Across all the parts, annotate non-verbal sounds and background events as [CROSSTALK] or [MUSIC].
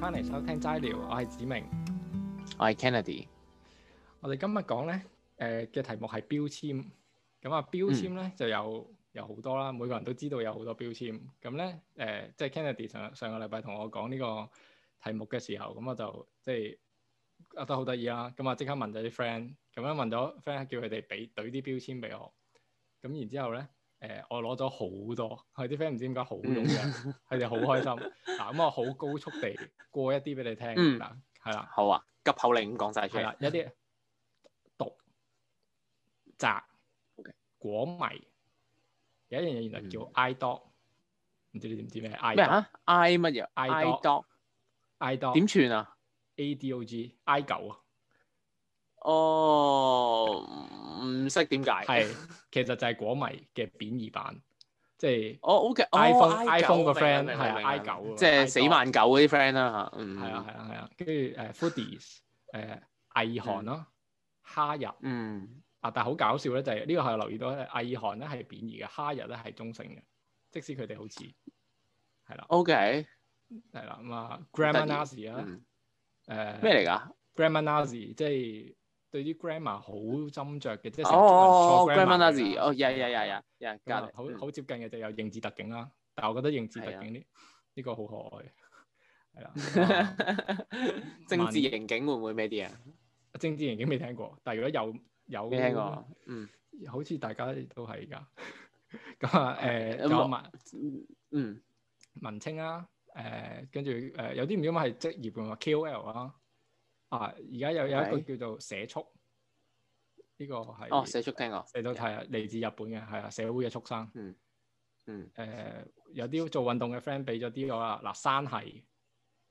翻嚟收聽齋聊，我係梓明，我係 Kennedy。我哋今日講咧，誒嘅題目係標籤。咁啊，標籤咧就有有好多啦，每個人都知道有好多標籤。咁咧，誒、呃、即係、就是、Kennedy 上上個禮拜同我講呢個題目嘅時候，咁我就即係覺得好得意啦。咁啊，即刻問咗啲 friend，咁樣問咗 friend 叫佢哋俾懟啲標籤俾我。咁然之後咧。誒、呃，我攞咗好多，佢啲 friend 唔知點解好用嘅，佢哋好開心。嗱、啊，咁、嗯 [LAUGHS] 嗯、我好高速地過一啲俾你聽，嗱、嗯，係啦、嗯，好啊，急口令講晒出嚟。啦、嗯啊，有啲毒宅果迷，有一樣嘢原來叫 i dog，唔知你點知咩？咩啊？i 乜嘢？i dog，i dog 點串啊？a d o g i 九啊！G o g 哦，唔識點解？係，其實就係果迷嘅貶義版，即係哦，O K，iPhone，iPhone 個 friend 係啊，I 九，即係死萬九嗰啲 friend 啦嚇，係啊，係啊，係啊，跟住誒 foodies，誒藝寒咯，哈日，嗯，啊，但係好搞笑咧，就係呢個係留意到咧，藝寒咧係貶義嘅，哈日咧係中性嘅，即使佢哋好似係啦，O K，係啦，咁啊，Grammar Nazi 啊，誒咩嚟㗎？Grammar Nazi 即係。對啲 grammar 好斟酌嘅，即係哦 grammar 嗰啲，哦，呀呀呀呀，好、哦、接近嘅就有認字特警啦，嗯、但係我覺得認字特警啲呢、嗯、個好可愛嘅，係啦。 [LAUGHS] 嗯、政治刑警會唔會咩啲啊？政治刑警未聽過，但係如果有有，未聽過，嗯，好似大家都係㗎咁啊，誒，有文，嗯，文青啊，誒，跟住誒，有啲唔知點解係職業㗎嘛，KOL 啊。啊！而家有有一個叫做社畜，呢 Okay. 個係哦社畜聽過，到睇係嚟自日本嘅，係、哦、啊社會嘅畜生。嗯嗯。誒、嗯呃，有啲做運動嘅 friend 俾咗啲我啦。嗱、啊，山系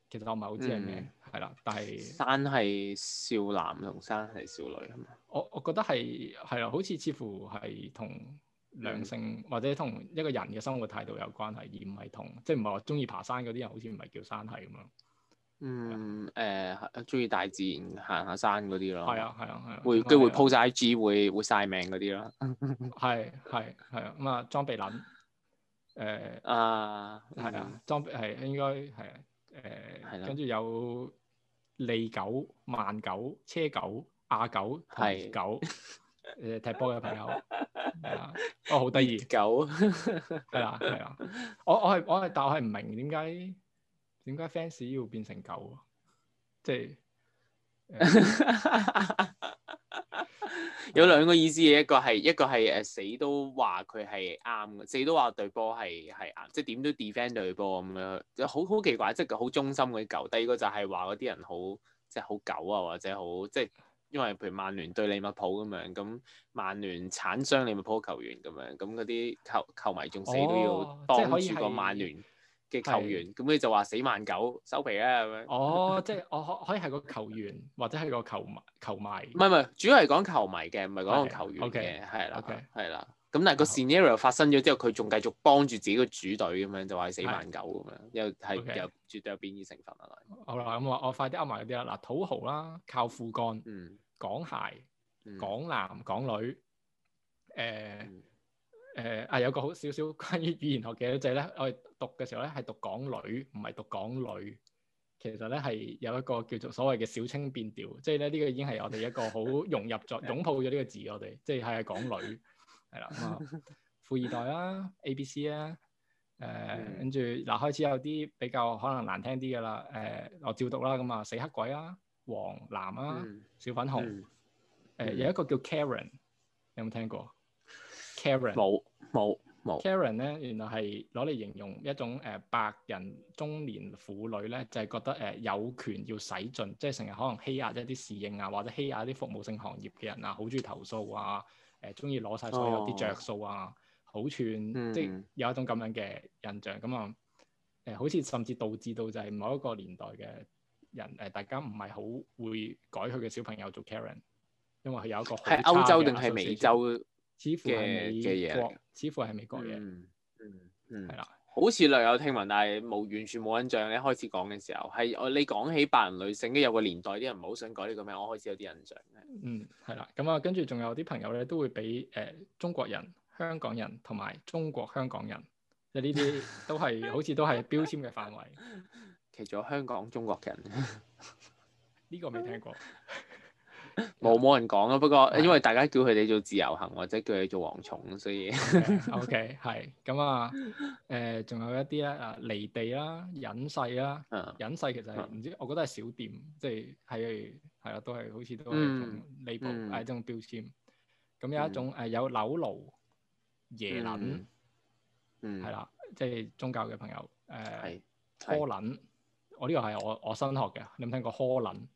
其實我唔係好知係咩係啦，但係山係少男同山係少女係咪？我我覺得係係啦，好似似乎係同兩性、嗯、或者同一個人嘅生活態度有關係，而唔係同即係唔係話中意爬山嗰啲人，好似唔係叫山系咁樣。嗯，誒、呃，中意大自然，行下山嗰啲咯。係啊，係啊，係啊。會，都會 po 晒 IG，會，會晒命嗰啲咯。係，係，係啊。咁啊，裝備捻，誒、呃，啊、uh,，係啊，裝備係應該係，誒，係啦。跟住有利狗、曼狗、車狗、亞狗同狗，誒，踢波嘅朋友，係啊，哦好得意。狗。係啊，係啊。我，我、oh, 係，我係，但我係唔明點解。點解 fans 要變成狗？即係嗯、 [LAUGHS] 有兩個意思嘅，一個係一個係誒死都話佢係啱嘅，死都話隊波係係啱，即係點都 defend 隊波咁樣，就好好奇怪，即係好忠心嗰啲狗。第二個就係話嗰啲人好即係好狗啊，或者好即係因為譬如曼聯對利物浦咁樣，咁曼聯鏟傷利物浦球員咁樣，咁嗰啲球球迷仲死都要當住個曼聯。哦嘅球員，咁你就話死萬九收皮啦咁樣。哦，即係我可可以係個球員，或者係個球球迷。唔係唔係，主要係講球迷嘅，唔係講個球員嘅，係啦，係啦。咁但係個 scenario 發生咗之後，佢仲繼續幫住自己個主隊咁樣，就話死萬九咁樣，又係其實絕對有變異成分啊。好啦，咁我我快啲噏埋嗰啲啦。嗱，土豪啦，靠父幹，港孩，港男，港女，誒。誒啊、呃！有個好少少關於語言學嘅嘢就係、是、咧，我哋讀嘅時候咧係讀港女，唔係讀港女。其實咧係有一個叫做所謂嘅小清變調，即係咧呢、這個已經係我哋一個好融入咗、 [LAUGHS] 擁抱咗呢個字， [LAUGHS] 我哋即係係港女，係啦、嗯。富二代啦、啊、，A、B、啊、C、呃、啦，誒跟住嗱開始有啲比較可能難聽啲嘅啦。誒、呃、我照讀啦，咁啊死黑鬼啊，黃藍啊，嗯、小粉紅。誒、嗯嗯呃、有一個叫 Karen，你有冇聽過？Karen 冇冇冇。Karen 咧，原來係攞嚟形容一種誒、呃、白人中年婦女咧，就係、是、覺得誒、呃、有權要使盡，即係成日可能欺壓一啲侍應啊，或者欺壓啲服務性行業嘅人啊，好中意投訴啊，誒中意攞晒所有啲着數啊，好串、哦，囧即係有一種咁樣嘅印象咁啊。誒、嗯呃，好似甚至導致到就係某一個年代嘅人誒、呃，大家唔係好會改佢嘅小朋友做 Karen，因為佢有一個係歐洲定係美洲。似乎嘅嘅嘢，似乎係美國嘢、嗯。嗯嗯嗯，係啦的，好似略有聽聞，但係冇完全冇印象。你開始講嘅時候，係我你講起白人女性，都有個年代啲人唔係好想改呢個名，我開始有啲印象。嗯，係啦，咁啊，跟住仲有啲朋友咧，都會俾誒、呃、中國人、香港人同埋中國香港人，即係呢啲都係 [LAUGHS] 好似都係標籤嘅範圍。其中香港中國人呢 [LAUGHS] 個未聽過。.冇冇人講啊，不過因為大家叫佢哋做自由行或者叫佢做蝗蟲，所以 O K 係咁啊。誒，仲有一啲咧啊，離地啦，隱世啦，隱世其實唔知，我覺得係小店，即係係係啦，都係好似都係呢種誒，一種標籤。咁有一種誒，有扭爐椰捻，嗯，係啦，即係宗教嘅朋友誒，柯捻，我呢個係我我新學嘅，你有冇聽過柯捻？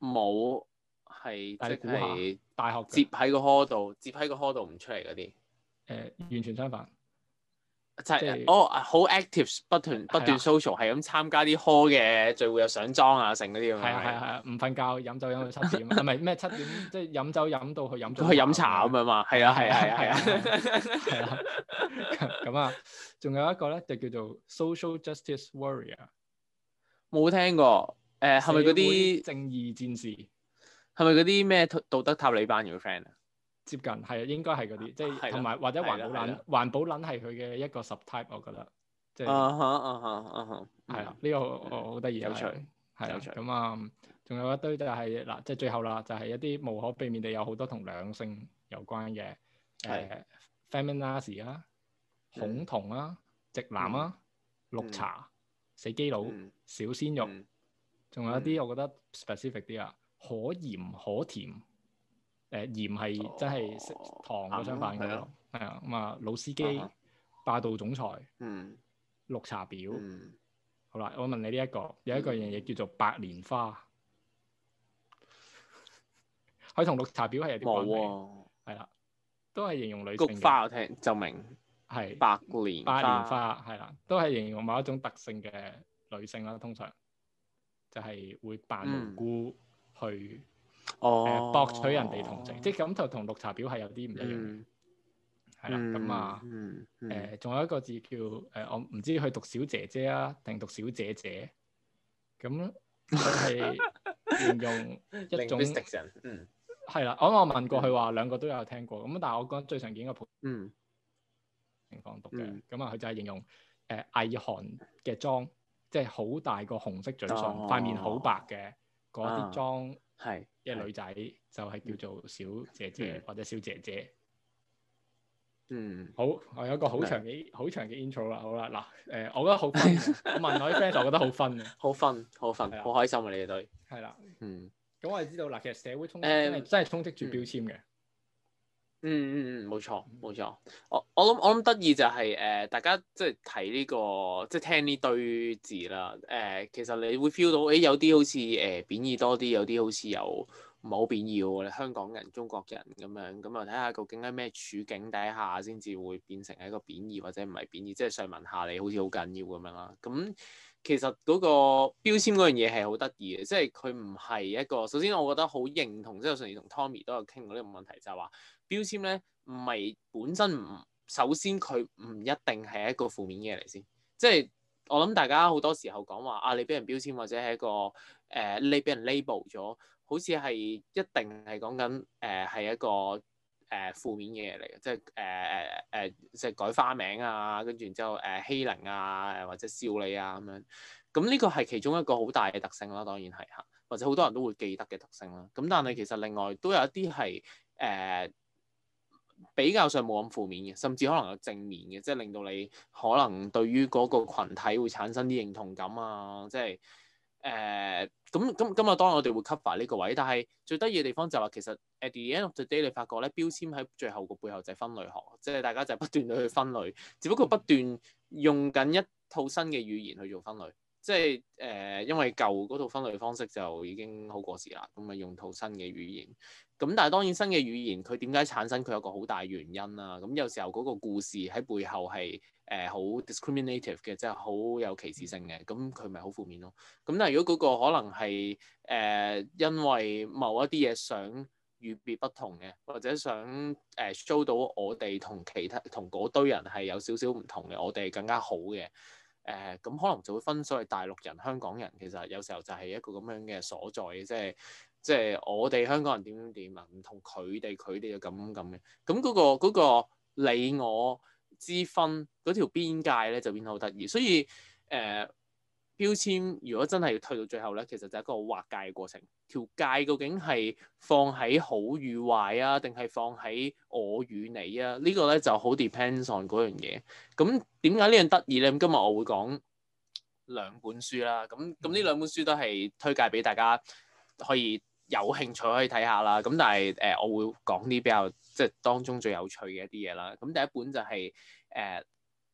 冇。係即係大學接喺個 hall 度，接喺個 hall 度唔出嚟嗰啲，誒、呃，完全相反，就係哦，好 active，不斷、啊、不斷 social，係咁參加啲 hall 嘅聚會，又上莊啊，成嗰啲咁。係係係，唔瞓、啊啊、覺，飲酒飲到七點，係咪咩七點？即係飲酒飲到去飲，去飲茶咁啊嘛，係啊係係啊係啊，係啦，咁啊，仲、啊啊啊、 [LAUGHS] [LAUGHS] 有一個咧就叫做 social justice warrior，冇聽過，誒、呃，係咪嗰啲正義戰士？係咪嗰啲咩道德塔利班嘅 friend 啊？接近係啊，應該係嗰啲，即係同埋或者環保撚環保撚係佢嘅一個 subtype，我覺得。即啊嚇啊嚇啊嚇！係啊，呢個好得意有趣係啊有趣，咁啊，仲有一堆都係嗱，即係最後啦，就係一啲無可避免地有好多同兩性有關嘅誒，feminazi 啦、恐同啊、直男啊、綠茶、死基佬、小鮮肉，仲有一啲我覺得 specific 啲啊。可鹽可甜，誒鹽係真係食糖相反嘅，係啊咁啊老司機霸道總裁。嗯，綠茶婊，好啦，我問你呢一個，有一個樣嘢叫做白蓮花，佢同綠茶婊係有啲關係，係啦，都係形容女性，菊花我聽就明，係白蓮白蓮花係啦，都係形容某一種特性嘅女性啦，通常就係會扮無辜。去誒、呃、博取人哋同情，哦、即係咁就同綠茶婊係有啲唔一樣，係啦咁啊誒，仲有一個字叫誒、呃，我唔知去讀小姐姐啊，定讀小姐姐？咁佢係形容一種，嗯，係、嗯、啦。我我問過佢話兩個都有聽過，咁但係我覺得最常見嘅普嗯情況讀嘅，咁啊佢就係形容誒藝韓嘅妝，即係好大個紅色嘴唇，塊、哦、面好白嘅。嗰啲裝係一女仔就係叫做小姐姐或者小姐姐。嗯，嗯好，我有一個好長嘅好的長嘅 intro 啦，好啦嗱，誒、呃、我覺得好， [LAUGHS] 我問朋友我啲 friend 就覺得好分好分好分，好開心啊，你哋對，係啦了，嗯，咁我哋知道嗱，其實社會衝真係真係充斥住標籤嘅。嗯嗯嗯嗯嗯，冇錯冇錯，我我諗我諗得意就係誒，大家即係睇呢個即係聽呢堆字啦。誒，其實你會 feel 到，誒有啲好似誒貶義多啲，有啲好似又唔好貶義喎。你香港人、中國人咁樣，咁啊睇下究竟喺咩處境底下先至會變成係一個貶義或者唔係貶義，即係上文下理好似好緊要咁樣啦。咁。其實嗰個標籤嗰樣嘢係好得意嘅，即係佢唔係一個。首先我覺得好認同，即係上次同 Tommy 都有傾過呢個問題，就係話標籤咧唔係本身唔首先佢唔一定係一個負面嘢嚟先，即係我諗大家好多時候講話啊你俾人標籤或者係一個誒你俾人 label 咗，好似係一定係講緊誒係一個。呃誒、呃、負面嘅嘢嚟嘅，即係誒誒誒，即、呃、係、呃、改花名啊，跟住然之後誒欺凌啊，或者笑你啊咁樣，咁呢個係其中一個好大嘅特性啦、啊，當然係嚇，或者好多人都會記得嘅特性啦、啊。咁但係其實另外都有一啲係誒比較上冇咁負面嘅，甚至可能有正面嘅，即係令到你可能對於嗰個群體會產生啲認同感啊，即係。誒咁咁今日當然我哋會 cover 呢個位，但係最得意嘅地方就係話，其實 at the end of the day 你發覺咧標籤喺最後個背後就係分類學，即係大家就係不斷地去分類，只不過不斷用緊一套新嘅語言去做分類，即係誒、呃、因為舊嗰套分類方式就已經好過時啦，咁咪用套新嘅語言。咁但係當然新嘅語言佢點解產生？佢有個好大原因啦。咁有時候嗰個故事喺背後係。誒好、呃、discriminative 嘅，即係好有歧視性嘅，咁佢咪好負面咯？咁但係如果嗰個可能係誒、呃、因為某一啲嘢想與別不同嘅，或者想誒、呃、show 到我哋同其他同嗰堆人係有少少唔同嘅，我哋更加好嘅，誒、呃、咁可能就會分所謂大陸人、香港人。其實有時候就係一個咁樣嘅所在嘅，即係即係我哋香港人點點點，唔同佢哋，佢哋就咁咁嘅。咁嗰、嗰個嗰、嗰個、嗰個、你我。之分嗰條邊界咧就變得好得意，所以誒、呃、標籤如果真係要推到最後咧，其實就係一個好劃界嘅過程。條界究竟係放喺好與壞啊，定係放喺我與你啊？這個、呢個咧就好 depends on 嗰樣嘢。咁點解呢樣得意咧？咁今日我會講兩本書啦。咁咁呢兩本書都係推介俾大家可以，有興趣可以睇下啦，咁但係誒、呃、我會講啲比較即係當中最有趣嘅一啲嘢啦。咁第一本就係、是、誒、呃、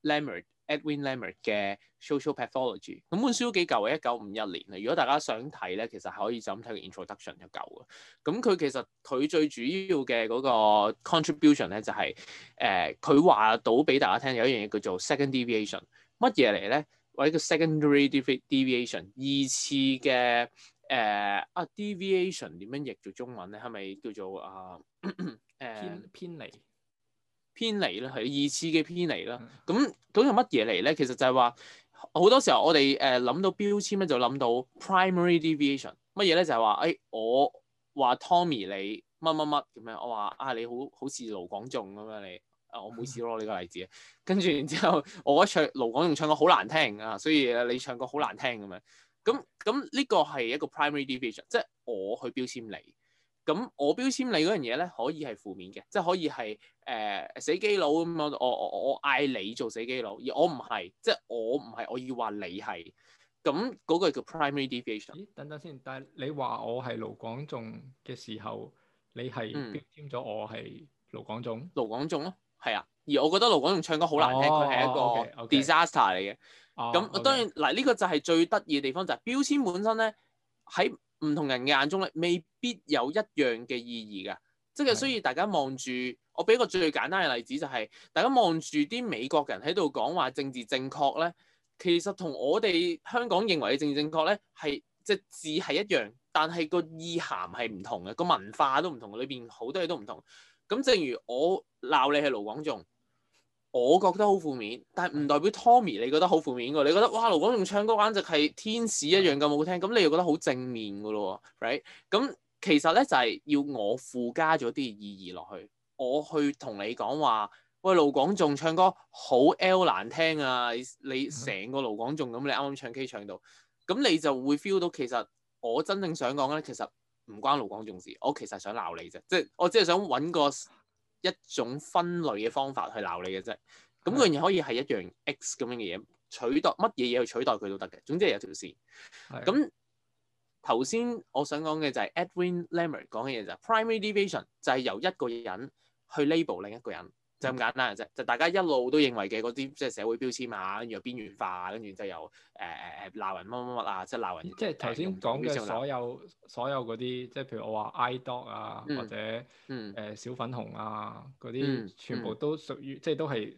Lemert Edwin Lemert 嘅 Social Pathology。咁本書都幾舊啊，一九五一年啊。如果大家想睇咧，其實係可以就咁睇個 Introduction 就夠嘅。咁佢其實佢最主要嘅嗰個 contribution 咧、就是，就係誒佢話到俾大家聽有一樣嘢叫做 second deviation。乜嘢嚟咧？或者叫 secondary deviation，二次嘅。誒、uh，deviation 點樣譯做中文咧？係咪叫做啊？誒、uh， [COUGHS] uh, 偏離，偏離啦，係二次嘅偏離啦。咁咁係乜嘢嚟咧？其實就係話好多時候我哋誒諗到標籤咧，就諗到 primary deviation。乜嘢咧？就係話誒，我話 Tommy 你乜乜乜咁樣，我話啊你好好似盧廣仲咁樣你啊，我唔好意思攞呢個例子， [LAUGHS] 跟住然之後我覺得唱盧廣仲唱歌好難聽啊，所以你唱歌好難聽咁樣。咁咁呢個係一個 primary deviation，即係我去標籤你。咁我標籤你嗰樣嘢咧，可以係負面嘅，即係可以係誒、呃、死基佬咁樣。我我我嗌你做死基佬，而我唔係，即係我唔係我要話你係。咁嗰個叫 primary deviation。誒、等等先，但係你話我係盧廣仲嘅時候，你係標籤咗我係盧廣仲？嗯、盧廣仲咯，係啊。而我覺得盧廣仲唱歌好難聽，佢係、oh, 一個 disaster 嚟嘅。咁、oh, okay. oh, okay. 當然嗱，呢、這個就係最得意嘅地方就係、是、標籤本身咧，喺唔同人嘅眼中咧，未必有一樣嘅意義嘅。即、就、係、是、所以大家望住的我俾個最簡單嘅例子、就是，就係大家望住啲美國人喺度講話政治正確咧，其實同我哋香港認為嘅政治正確咧，係即、就是、字係一樣，但係個意涵係唔同嘅，個文化都唔同，裏邊好多嘢都唔同。咁正如我鬧你係盧廣仲。我覺得好負面，但係唔代表 Tommy 你覺得好負面㗎？你覺得哇，盧廣仲唱歌簡直係天使一樣咁好聽，咁你又覺得好正面噶咯喎？Right？咁其實咧就係、是、要我附加咗啲意義落去，我去同你講話，喂，盧廣仲唱歌好 L 難聽啊！你成個盧廣仲咁，你啱啱唱 K 唱到，咁你就會 feel 到其實我真正想講咧，其實唔關盧廣仲事，我其實想鬧你啫，即係我只係想揾個一種分類嘅方法去鬧你嘅啫，咁嗰樣嘢可以係一樣 X 咁樣嘅嘢取代乜嘢嘢去取代佢都得嘅，總之係有條線。咁頭先我想講嘅就係 Edwin Lemert 講嘅嘢就係、是、的 primary deviation，就係由一個人去 label 另一個人。就咁簡單，嘅啫，就大家一路都認為嘅嗰啲即係社會標籤啊，跟住又邊緣化，跟住就係又誒誒誒鬧人乜乜乜啊，即係鬧人。即係頭先講嘅所有、呃、所有嗰啲，即係譬如我話 i dog 啊，嗯、或者誒、嗯呃、小粉紅啊嗰啲，嗯、全部都屬於、嗯、即係都係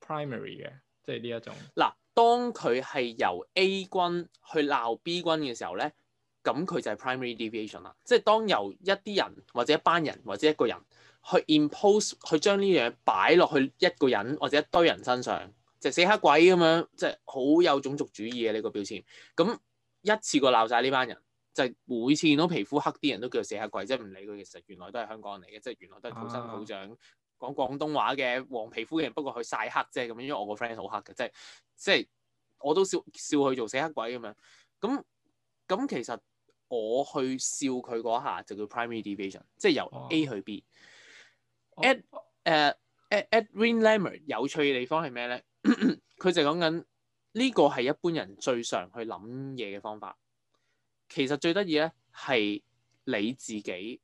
primary 嘅，即係呢一種。嗱，當佢係由 A 君去鬧 B 君嘅時候咧，咁佢就係 primary deviation 啦。即係當由一啲人或者一班人或者一個人。去 impose，去將呢樣嘢擺落去一個人或者一堆人身上，就係、死黑鬼咁樣，即係好有種族主義嘅呢、呢個標籤。咁一次過鬧晒呢班人，就係、每次見到皮膚黑啲人都叫做死黑鬼，即係唔理佢其實原來都係香港人嚟嘅，即、就、係、是、原來都係土生土長、啊、講廣東話嘅黃皮膚嘅，人，不過佢晒黑啫咁樣。因為我個 friend 好黑嘅，即係即係我都笑笑佢做死黑鬼咁樣。咁咁其實我去笑佢嗰下就叫 primary deviation 即係由 A 哇去 B。at 誒 at at Win l a m m e r 有趣嘅地方係咩咧？佢咳咳就講緊呢個係一般人最常去諗嘢嘅方法。其實最得意咧係你自己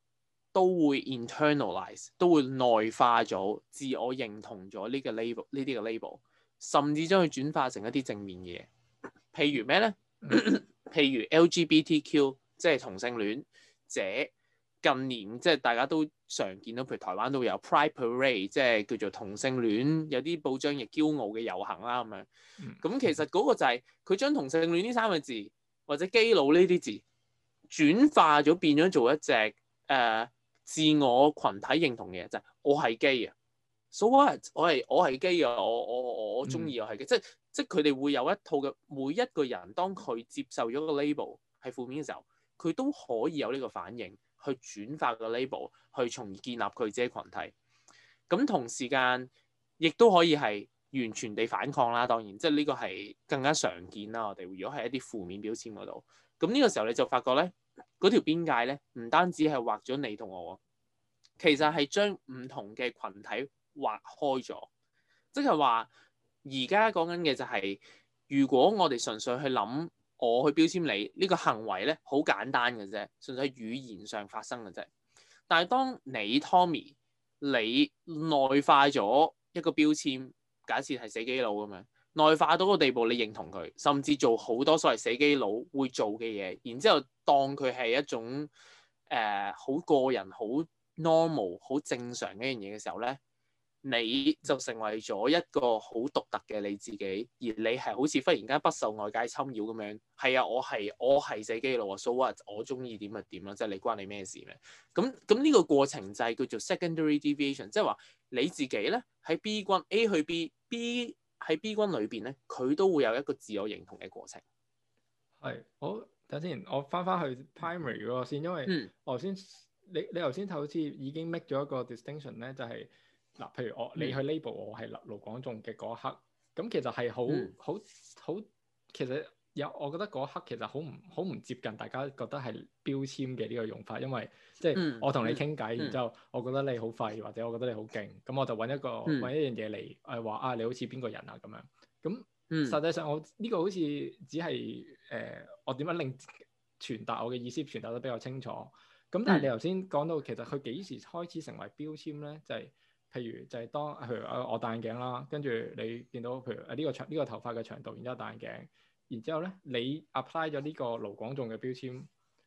都會 i n t e r n a l i z e 都會內化咗、自我認同咗呢個 label、呢啲嘅 label，甚至將佢轉化成一啲正面嘢。譬如咩咧？譬咳咳如 LGBTQ，即係同性戀者。近年即係、就是、大家都常見到，譬如台灣都有 pride parade，即係叫做同性戀，有啲報章亦驕傲嘅遊行啦咁樣。咁、mm. 其實嗰個就係佢將同性戀呢三個字或者基佬呢啲字轉化咗，變咗做一隻誒、呃、自我群體認同嘅嘢，就係、是、我係基啊。So what? 我係我係我係基啊！我我我我中意我係基、mm. 即，即即佢哋會有一套嘅，每一個人當佢接受咗個 label 係負面嘅時候，佢都可以有呢個反應。去轉化個 label，去從而建立佢自己群體。咁同時間亦都可以係完全地反抗啦。當然，即係呢個係更加常見啦。我哋如果係一啲負面標籤嗰度，咁呢個時候你就發覺咧，嗰條邊界咧唔單止係畫咗你同我，其實係將唔同嘅群體劃開咗。即係話而家講緊嘅就係、是就是，如果我哋純粹去諗。我去標籤你呢、呢個行為咧，好簡單嘅啫，純粹係語言上發生嘅啫。但係當你 Tommy，你內化咗一個標籤，假設係死基佬咁樣，內化到個地步，你認同佢，甚至做好多所謂死基佬會做嘅嘢，然之後當佢係一種誒好、呃、個人好 normal 好正常嘅一樣嘢嘅時候咧。你就成為咗一個好獨特嘅你自己，而你係好似忽然間不受外界侵擾咁樣。係啊，我係我係死基佬啊，so what？我中意點咪點咯，即係你關你咩事咩？咁咁呢個過程就係叫做 secondary deviation，即係話你自己咧喺 B 君 A 去 B，B 喺 B 君裏邊咧，佢都會有一個自我認同嘅過程。係，好，等回回先，我翻翻去 primary 嗰先，因為我頭先、嗯、你你頭先頭好似已經 make 咗一個 distinction 咧，就係、是。嗱，譬如我你去 label 我係盧盧廣仲嘅嗰一刻，咁其實係、嗯、好好好，其實有我覺得嗰刻其實好唔好唔接近大家覺得係標籤嘅呢個用法，因為即係、就是、我同你傾偈，嗯、然之後我覺得你好廢，嗯、或者我覺得你好勁，咁我就揾一個揾、嗯、一樣嘢嚟誒話啊，你好似邊個人啊咁樣。咁、嗯、實際上我呢、這個好似只係誒、呃、我點樣令傳達我嘅意思傳達得比較清楚。咁但係你頭先講到其實佢幾時開始成為標籤咧，就係、是。譬如就係當譬如啊我戴眼鏡啦，跟住你見到譬如呢個長呢、呢個頭髮嘅長度，然之後戴眼鏡，然之後咧你 apply 咗呢個盧廣仲嘅標籤，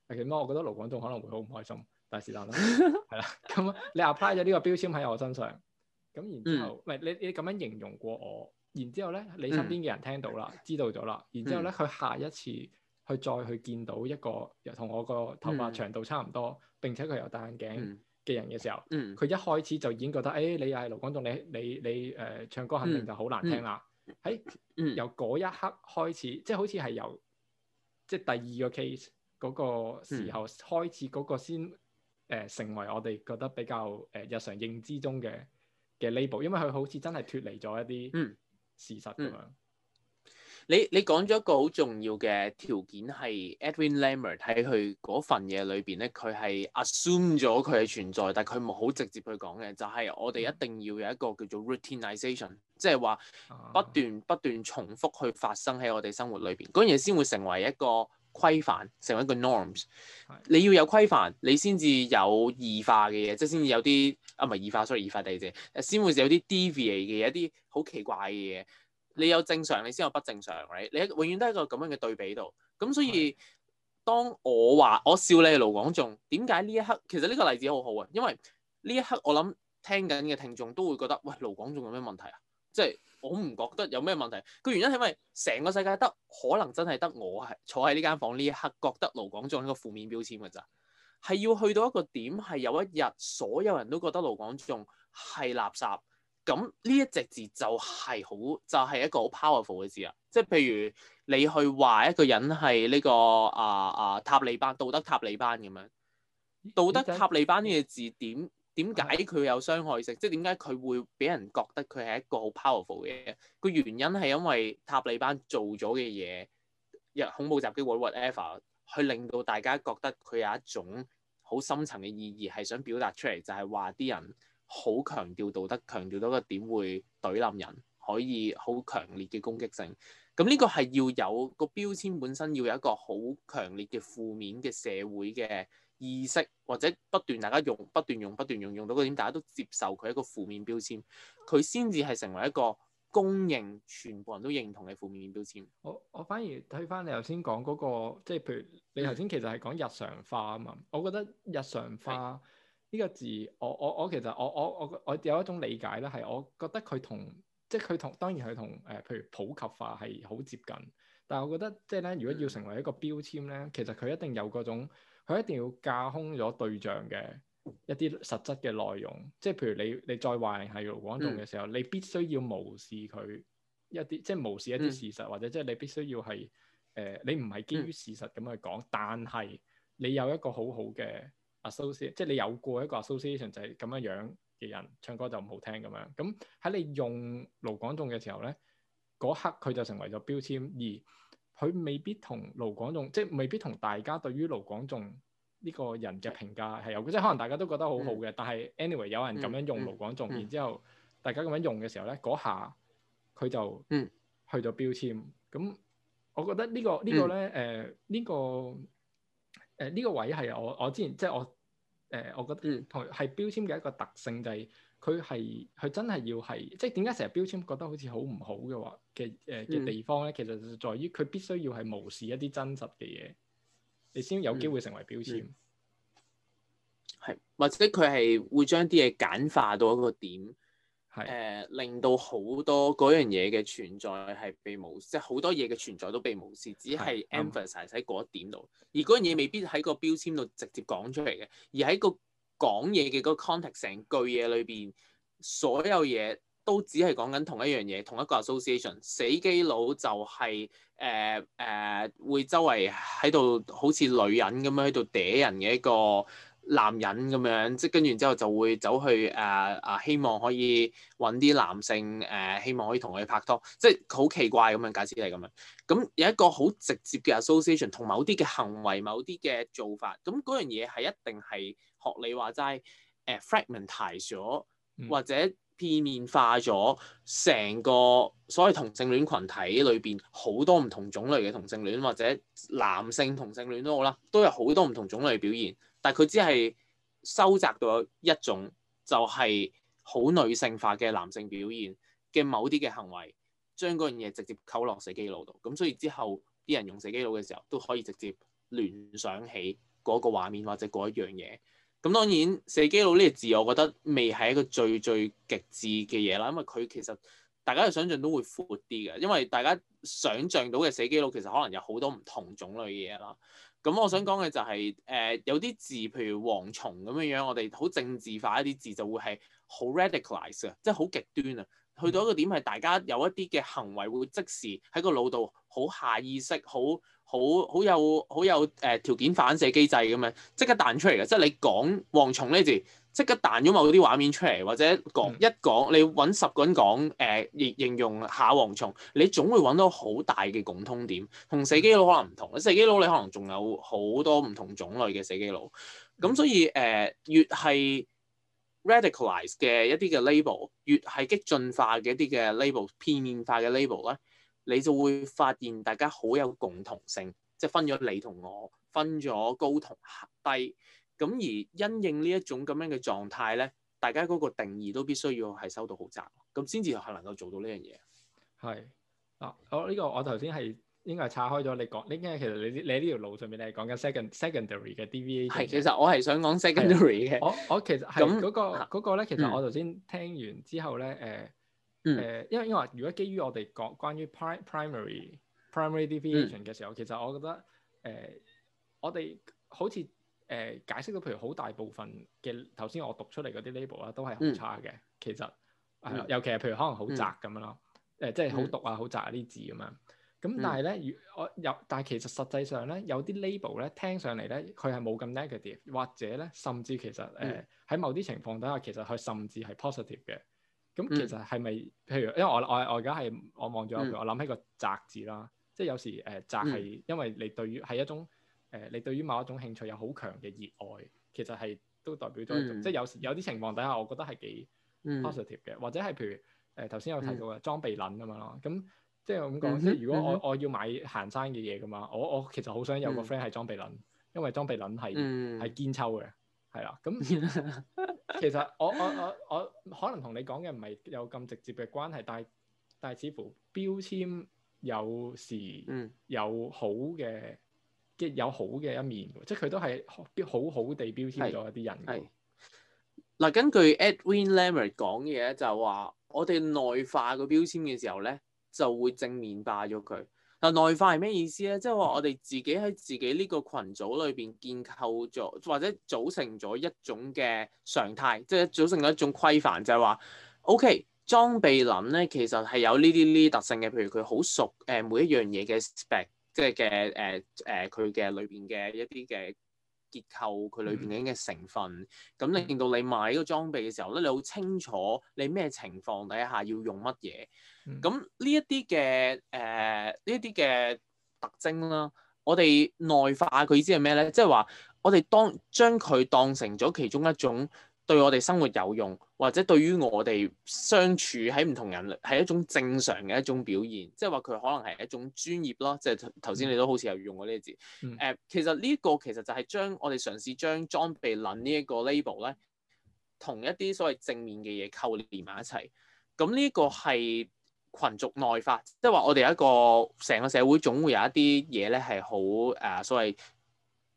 其實我覺得盧廣仲可能會好唔開心，大 [LAUGHS] 是大非，係啦。咁你 apply 咗呢個標籤喺我身上，咁然之後，唔係、嗯、你你咁樣形容過我，然之後咧你身邊嘅人聽到啦，嗯、知道咗啦，然之後咧佢下一次去再去見到一個同我個頭髮長度差唔多，嗯、並且佢又戴眼鏡。嗯嘅人嘅時候，佢、嗯、一開始就已經覺得，誒、嗯哎，你又係盧廣仲，你你你誒、呃、唱歌肯定就好難聽啦。喺、嗯嗯哎、由嗰一刻開始，即、就、係、是、好似係由即係、就是、第二個 case 嗰個時候開始，嗰個先誒成為我哋覺得比較誒、呃、日常認知中嘅嘅 label，因為佢好似真係脫離咗一啲事實咁樣。嗯嗯嗯你你講咗一個好重要嘅條件係 Edwin Lemert 喺佢嗰份嘢裏邊咧，佢係 assume 咗佢嘅存在，但係佢唔好直接去講嘅，就係、是、我哋一定要有一個叫做 routinization，即係話不斷不斷重複去發生喺我哋生活裏邊嗰樣嘢先會成為一個規範，成為一個 norms。你要有規範，你先至有異化嘅嘢，即係先至有啲啊，唔係異化，sorry，異化第二隻，先會有啲 deviate 嘅嘢，一啲好奇怪嘅嘢。你有正常，你先有不正常。你你永遠都係一個咁樣嘅對比度。咁所以，當我話我笑你係盧廣仲，點解呢一刻？其實呢個例子好好啊，因為呢一刻我諗聽緊嘅聽眾都會覺得，喂，盧廣仲有咩問題啊？即係我唔覺得有咩問題。個原因係因為成個世界得可能真係得我係坐喺呢間房呢一刻覺得盧廣仲係一個負面標籤㗎啫。係要去到一個點，係有一日所有人都覺得盧廣仲係垃圾。咁呢一隻字就係好，就係一個好 powerful 嘅字啊！即係譬如你去話一個人係呢個啊啊塔利班、道德塔利班咁樣，道德塔利班呢嘅字點點解佢有傷害性？即係點解佢會俾人覺得佢係一個好 powerful 嘅？個原因係因為塔利班做咗嘅嘢，有恐怖襲擊或者 whatever，去令到大家覺得佢有一種好深層嘅意義，係想表達出嚟就係話啲人。好強調道德，強調到個點會懟冧人，可以好強烈嘅攻擊性。咁呢個係要有個標籤本身要有一個好強烈嘅負面嘅社會嘅意識，或者不斷大家用，不斷用，不斷用，不斷用，用到個點大家都接受佢一個負面標籤，佢先至係成為一個公認，全部人都認同嘅負面標籤。我我反而睇翻你頭先講嗰個，即係譬如你頭先其實係講日常化啊嘛，我覺得日常化。呢個字，我我我其實我我我我有一種理解咧，係我覺得佢同即係佢同當然佢同誒，譬如普及化係好接近，但係我覺得即係咧，如果要成為一個標籤咧，其實佢一定有嗰種，佢一定要架空咗對象嘅一啲實質嘅內容，即係譬如你你再話係廣東嘅時候，嗯、你必須要無視佢一啲即係無視一啲事實，嗯、或者即係你必須要係誒、呃、你唔係基於事實咁去講，嗯、但係你有一個好好嘅。a s 即係你有過一個 association 就係咁樣樣嘅人，唱歌就唔好聽咁樣。咁喺你用盧廣仲嘅時候咧，嗰刻佢就成為咗標籤，而佢未必同盧廣仲，即係未必同大家對於盧廣仲呢個人嘅評價係有，即係可能大家都覺得好好嘅。嗯、但係 anyway 有人咁樣用盧廣仲，嗯嗯嗯、然之後大家咁樣用嘅時候咧，嗰下佢就去咗標籤。咁我覺得呢、呢個呢個呢、呃呢個咧，誒、呃、呢、呢個誒呢、呃呢個位係我我之前即係我。誒、呃，我覺得同係標籤嘅一個特性就係、是，佢係佢真係要係，即係點解成日標籤覺得好似好唔好嘅話嘅誒嘅地方咧，其實就在於佢必須要係無視一啲真實嘅嘢，你先有機會成為標籤。係、嗯嗯，或者佢係會將啲嘢簡化到一個點。誒、uh，令到好多嗰樣嘢嘅存在係被無視，即係好多嘢嘅存在都被無視，的只係 emphasize 喺嗰一點度。而嗰樣嘢未必喺個標籤度直接講出嚟嘅，而喺個講嘢嘅嗰個 context 成句嘢裏邊，所有嘢都只係講緊同一樣嘢，同一個 association。死基佬就係誒誒會周圍喺度好似女人咁樣喺度嗲人嘅一個。男人咁樣，即跟住之後就會走去誒誒、呃呃，希望可以揾啲男性誒、呃，希望可以同佢拍拖，即好奇怪咁樣假設係咁樣。咁有一個好直接嘅 association 同某啲嘅行為、某啲嘅做法，咁嗰樣嘢係一定係學你話齋誒、呃、fragmentize 咗或者片面化咗成個所謂同性戀群體裏邊好多唔同種類嘅同性戀，或者男性同性戀都好啦，都有好多唔同種類表現。但係佢只係收窄到一種，就係好女性化嘅男性表現嘅某啲嘅行為，將嗰樣嘢直接扣落死基佬度。咁所以之後啲人用死基佬嘅時候，都可以直接聯想起嗰個畫面或者嗰一樣嘢。咁當然，死基佬呢個字，我覺得未係一個最最極致嘅嘢啦，因為佢其實大家嘅想像都會闊啲嘅，因為大家想像到嘅死基佬其實可能有好多唔同種類嘅嘢啦。咁我想講嘅就係、是，誒、呃、有啲字，譬如蝗蟲咁樣樣，我哋好政治化一啲字就會係好 radicalized，即係好極端啊。去到一個點係大家有一啲嘅行為會即時喺個腦度好下意識好。好好有好有誒、呃、條件反射機制咁樣，即刻彈出嚟嘅，即係你講蝗蟲呢字，即刻彈咗某啲畫面出嚟，或者講、嗯、一講你揾十個人講誒，形形容下蝗蟲，你總會揾到好大嘅共通點。同死基佬可能唔同，死基佬你可能仲有好多唔同種類嘅死基佬。咁所以誒、呃，越係 radicalize 嘅一啲嘅 label，越係激進化嘅一啲嘅 label，片面化嘅 label 咧。你就會發現大家好有共同性，即係分咗你同我，分咗高同低。咁而因應呢一種咁樣嘅狀態咧，大家嗰個定義都必須要係收到好窄，咁先至係能夠做到呢樣嘢。係啊，我、這、呢個我頭先係應該係拆開咗你講，呢啲其實你你喺呢條路上面你係講緊 second secondary 嘅 deviance。係，其實我係想講 secondary 嘅。我我其實係咁嗰個嗰個咧，嗰個、其實我頭先聽完之後咧，誒、嗯。誒，嗯、因為因為如果基於我哋講關於 primary, primary primary deviation 嘅時候，嗯、其實我覺得誒、呃，我哋好似誒、呃、解釋到，譬如好大部分嘅頭先我讀出嚟嗰啲 label 啦，都係好差嘅。其實係咯，嗯、尤其係譬如可能好窄咁樣咯，誒、嗯、即係好毒啊、好窄啊啲字咁樣。咁但係咧，我有、嗯、但係其實實際上咧，有啲 label 咧聽上嚟咧，佢係冇咁 negative，或者咧甚至其實誒喺、呃、某啲情況底下，其實佢甚至係 positive 嘅。咁、嗯、其實係咪？譬如因為我我我而家係我望住、嗯、我諗起個「宅」字啦，即有時誒宅係因為你對於係一種誒、嗯呃、你對於某一種興趣有好強嘅熱愛，其實係都代表咗一種，嗯、即有時有啲情況底下，我覺得係幾 positive 嘅、嗯。或者係譬如誒頭先有提到嘅裝備撚啊嘛，咁、嗯、即係咁講，嗯嗯、即如果我我要買行山嘅嘢㗎嘛，我我，我其實好想有個 friend 係裝備撚，因為裝備撚係係堅抽嘅。係啦，咁 [LAUGHS] 其實我我我我可能同你講嘅唔係有咁直接嘅關係，但係但係似乎標籤有時有好嘅嘅有好嘅一面，即係佢都係標好好地標籤咗一啲人嘅。嗱，根據 Edwin Lemert 講嘢就話，就我哋內化個標籤嘅時候咧，就會正面霸咗佢。內化係咩意思咧？即係話我哋自己喺自己呢個群組裏邊建構咗，或者組成咗一種嘅常態，即係組成咗一種規範，就係話 O.K. 裝備林咧，其實係有呢啲呢啲特性嘅，譬如佢好熟誒每一樣嘢嘅 spec，即係嘅誒誒佢嘅裏邊嘅一啲嘅。結構佢裏邊嘅成分，咁、嗯、令到你買嗰裝備嘅時候咧，你好清楚你咩情況底下要用乜嘢。咁呢一啲嘅誒，呢一啲嘅特徵啦，我哋內化佢，意思係咩咧？即係話我哋當將佢當成咗其中一種對我哋生活有用。或者對於我哋相處喺唔同人類係一種正常嘅一種表現，即係話佢可能係一種專業咯。即係頭先你都好似有用過呢個字。誒、嗯，其實呢一個其實就係將我哋嘗試將裝備論呢一個 label 咧，同一啲所謂正面嘅嘢扣連埋一齊。咁呢個係群族內化，即係話我哋一個成個社會總會有一啲嘢咧係好誒所謂。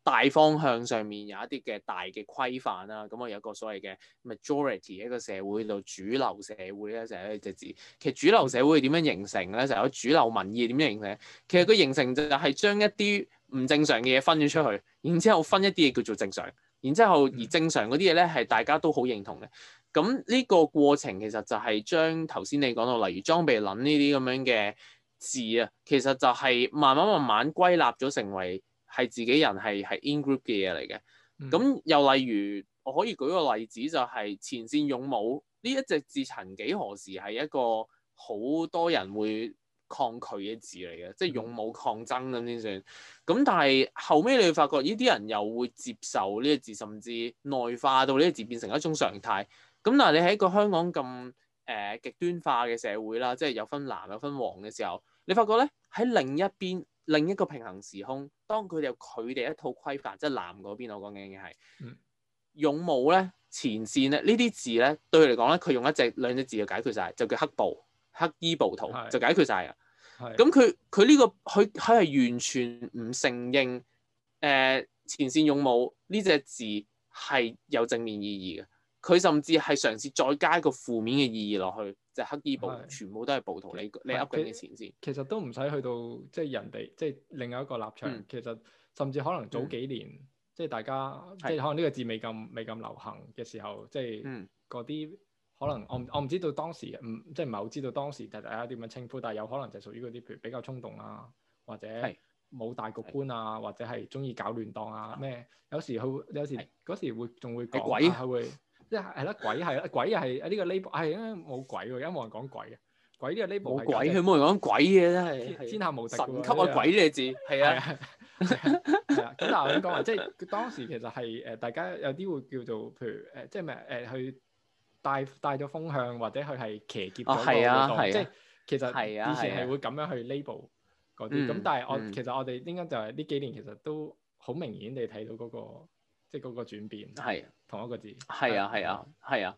大方向上面有一啲嘅大嘅規範啦，咁我有個所謂嘅 majority 一個社會度，主流社會咧，就係一隻字。其實主流社會係點樣形成咧？就係有主流民意點樣形成？其實佢形成就係將一啲唔正常嘅嘢，分咗出去，然之後分一啲嘢叫做正常，然之後而正常嗰啲嘢咧係大家都好認同嘅。咁呢個過程其實就係將頭先你講到，例如裝備諗，呢啲咁樣嘅字啊，其實就係慢慢慢慢歸納咗成為。係自己人係係 in group 嘅嘢嚟嘅，咁又例如我可以舉個例子就係、是、前線勇武呢一隻字曾幾何時係一個好多人會抗拒嘅字嚟嘅，即、就、係、是、勇武抗爭咁先算。咁但係後尾，你會發覺呢啲人又會接受呢個字，甚至內化到呢個字變成一種常態。咁但係你喺一個香港咁誒、呃、極端化嘅社會啦，即、就、係、是、有分藍有分黃嘅時候，你發覺咧喺另一邊，另一個平衡時空，當佢哋有佢哋一套規範，即係藍嗰邊，我講緊嘅係勇武咧、前線咧呢啲字咧，對佢嚟講咧，佢用一隻兩隻字就解決晒，就叫「黑暴」，「黑衣暴徒」，就解決晒嘅。咁佢佢呢個佢佢係完全唔承認誒、呃、前線勇武呢隻字係有正面意義嘅，佢甚至係嘗試再加一個負面嘅意義落去。就黑衣部，全部都係暴徒。實你你噏幾多錢先？其實都唔使去到，即係人哋，即係另一個立場。嗯、其實甚至可能早幾年，嗯、即係大家，是的 即係可能呢個字未咁未咁流行嘅時候，即係嗰啲可能我我唔知道當時，唔即係唔係好知道當時大家點樣稱呼，但係有可能就屬於嗰啲譬如比較衝動啊，或者冇大局觀啊，是的 或者係中意搞亂檔啊咩。有時佢有時嗰時會仲會講，係是的 會。即係係啦，鬼係啦，鬼又係啊！呢個 label 係啊，冇鬼喎，因為冇人講鬼嘅，鬼呢個 label 冇鬼，佢冇人講鬼嘅，真係天下無敵神級啊！鬼呢字係啊，係啊，咁但係我講話，即係當時其實係誒，大家有啲會叫做，譬如誒，即係咩誒，去帶帶咗風向，或者佢係騎劫咗好多，即係其實以前係會咁樣去 label 嗰啲。咁但係我其實我哋應該就係呢幾年，其實都好明顯地睇到嗰個即係嗰個轉變。係。同一個字，係啊係啊係啊，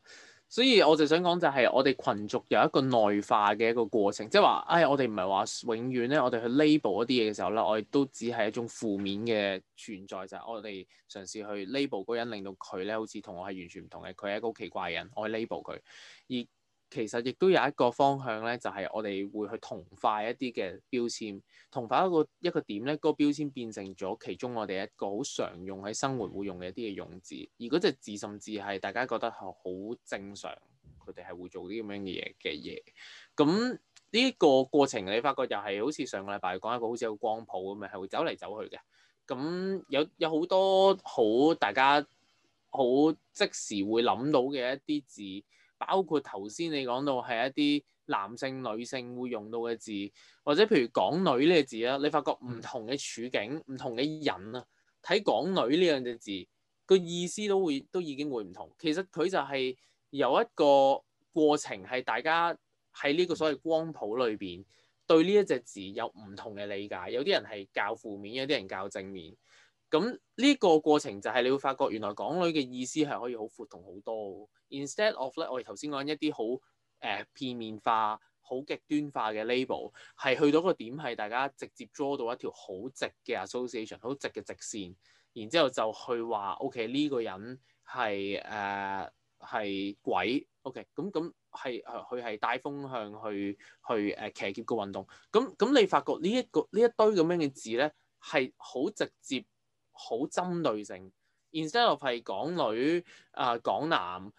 所以我就想講就係我哋群族有一個內化嘅一個過程，即係話，唉、哎，我哋唔係話永遠咧，我哋去 label 一啲嘢嘅時候咧，我哋都只係一種負面嘅存在，就係、是、我哋嘗試去 label 嗰個人，令到佢咧好似同我係完全唔同嘅，佢係一個好奇怪嘅人，我去 label 佢，而。其實亦都有一個方向咧，就係我哋會去同化一啲嘅標籤，同化一個一個點咧，嗰個標籤變成咗其中我哋一個好常用喺生活會用嘅一啲嘅用字，而嗰隻字甚至係大家覺得係好正常，佢哋係會做啲咁樣嘅嘢嘅嘢。咁呢個過程你發覺又係好似上個禮拜講一個好似一個光譜咁樣，係會走嚟走去嘅。咁有有好多好大家好即時會諗到嘅一啲字。包括頭先你講到係一啲男性、女性會用到嘅字，或者譬如「港女」呢個字啊，你發覺唔同嘅處境、唔同嘅人啊，睇「港女」呢兩隻字個意思都會都已經會唔同。其實佢就係有一個過程，係大家喺呢個所謂光譜裏邊對呢一隻字有唔同嘅理解，有啲人係較負面，有啲人較正面。咁呢個過程就係你會發覺，原來港女嘅意思係可以好闊同好多。Instead of 咧、like，我哋頭先講一啲好誒片面化、好極端化嘅 label，係去到個點係大家直接 draw 到一條好直嘅 association，好直嘅直線，然之後就去話 OK 呢個人係誒係鬼 OK 咁咁係佢係帶風向去去誒、uh, 騎劫個運動。咁咁你發覺呢一個呢一堆咁樣嘅字咧係好直接。好針對性，instead of 係港女啊、呃、港男呢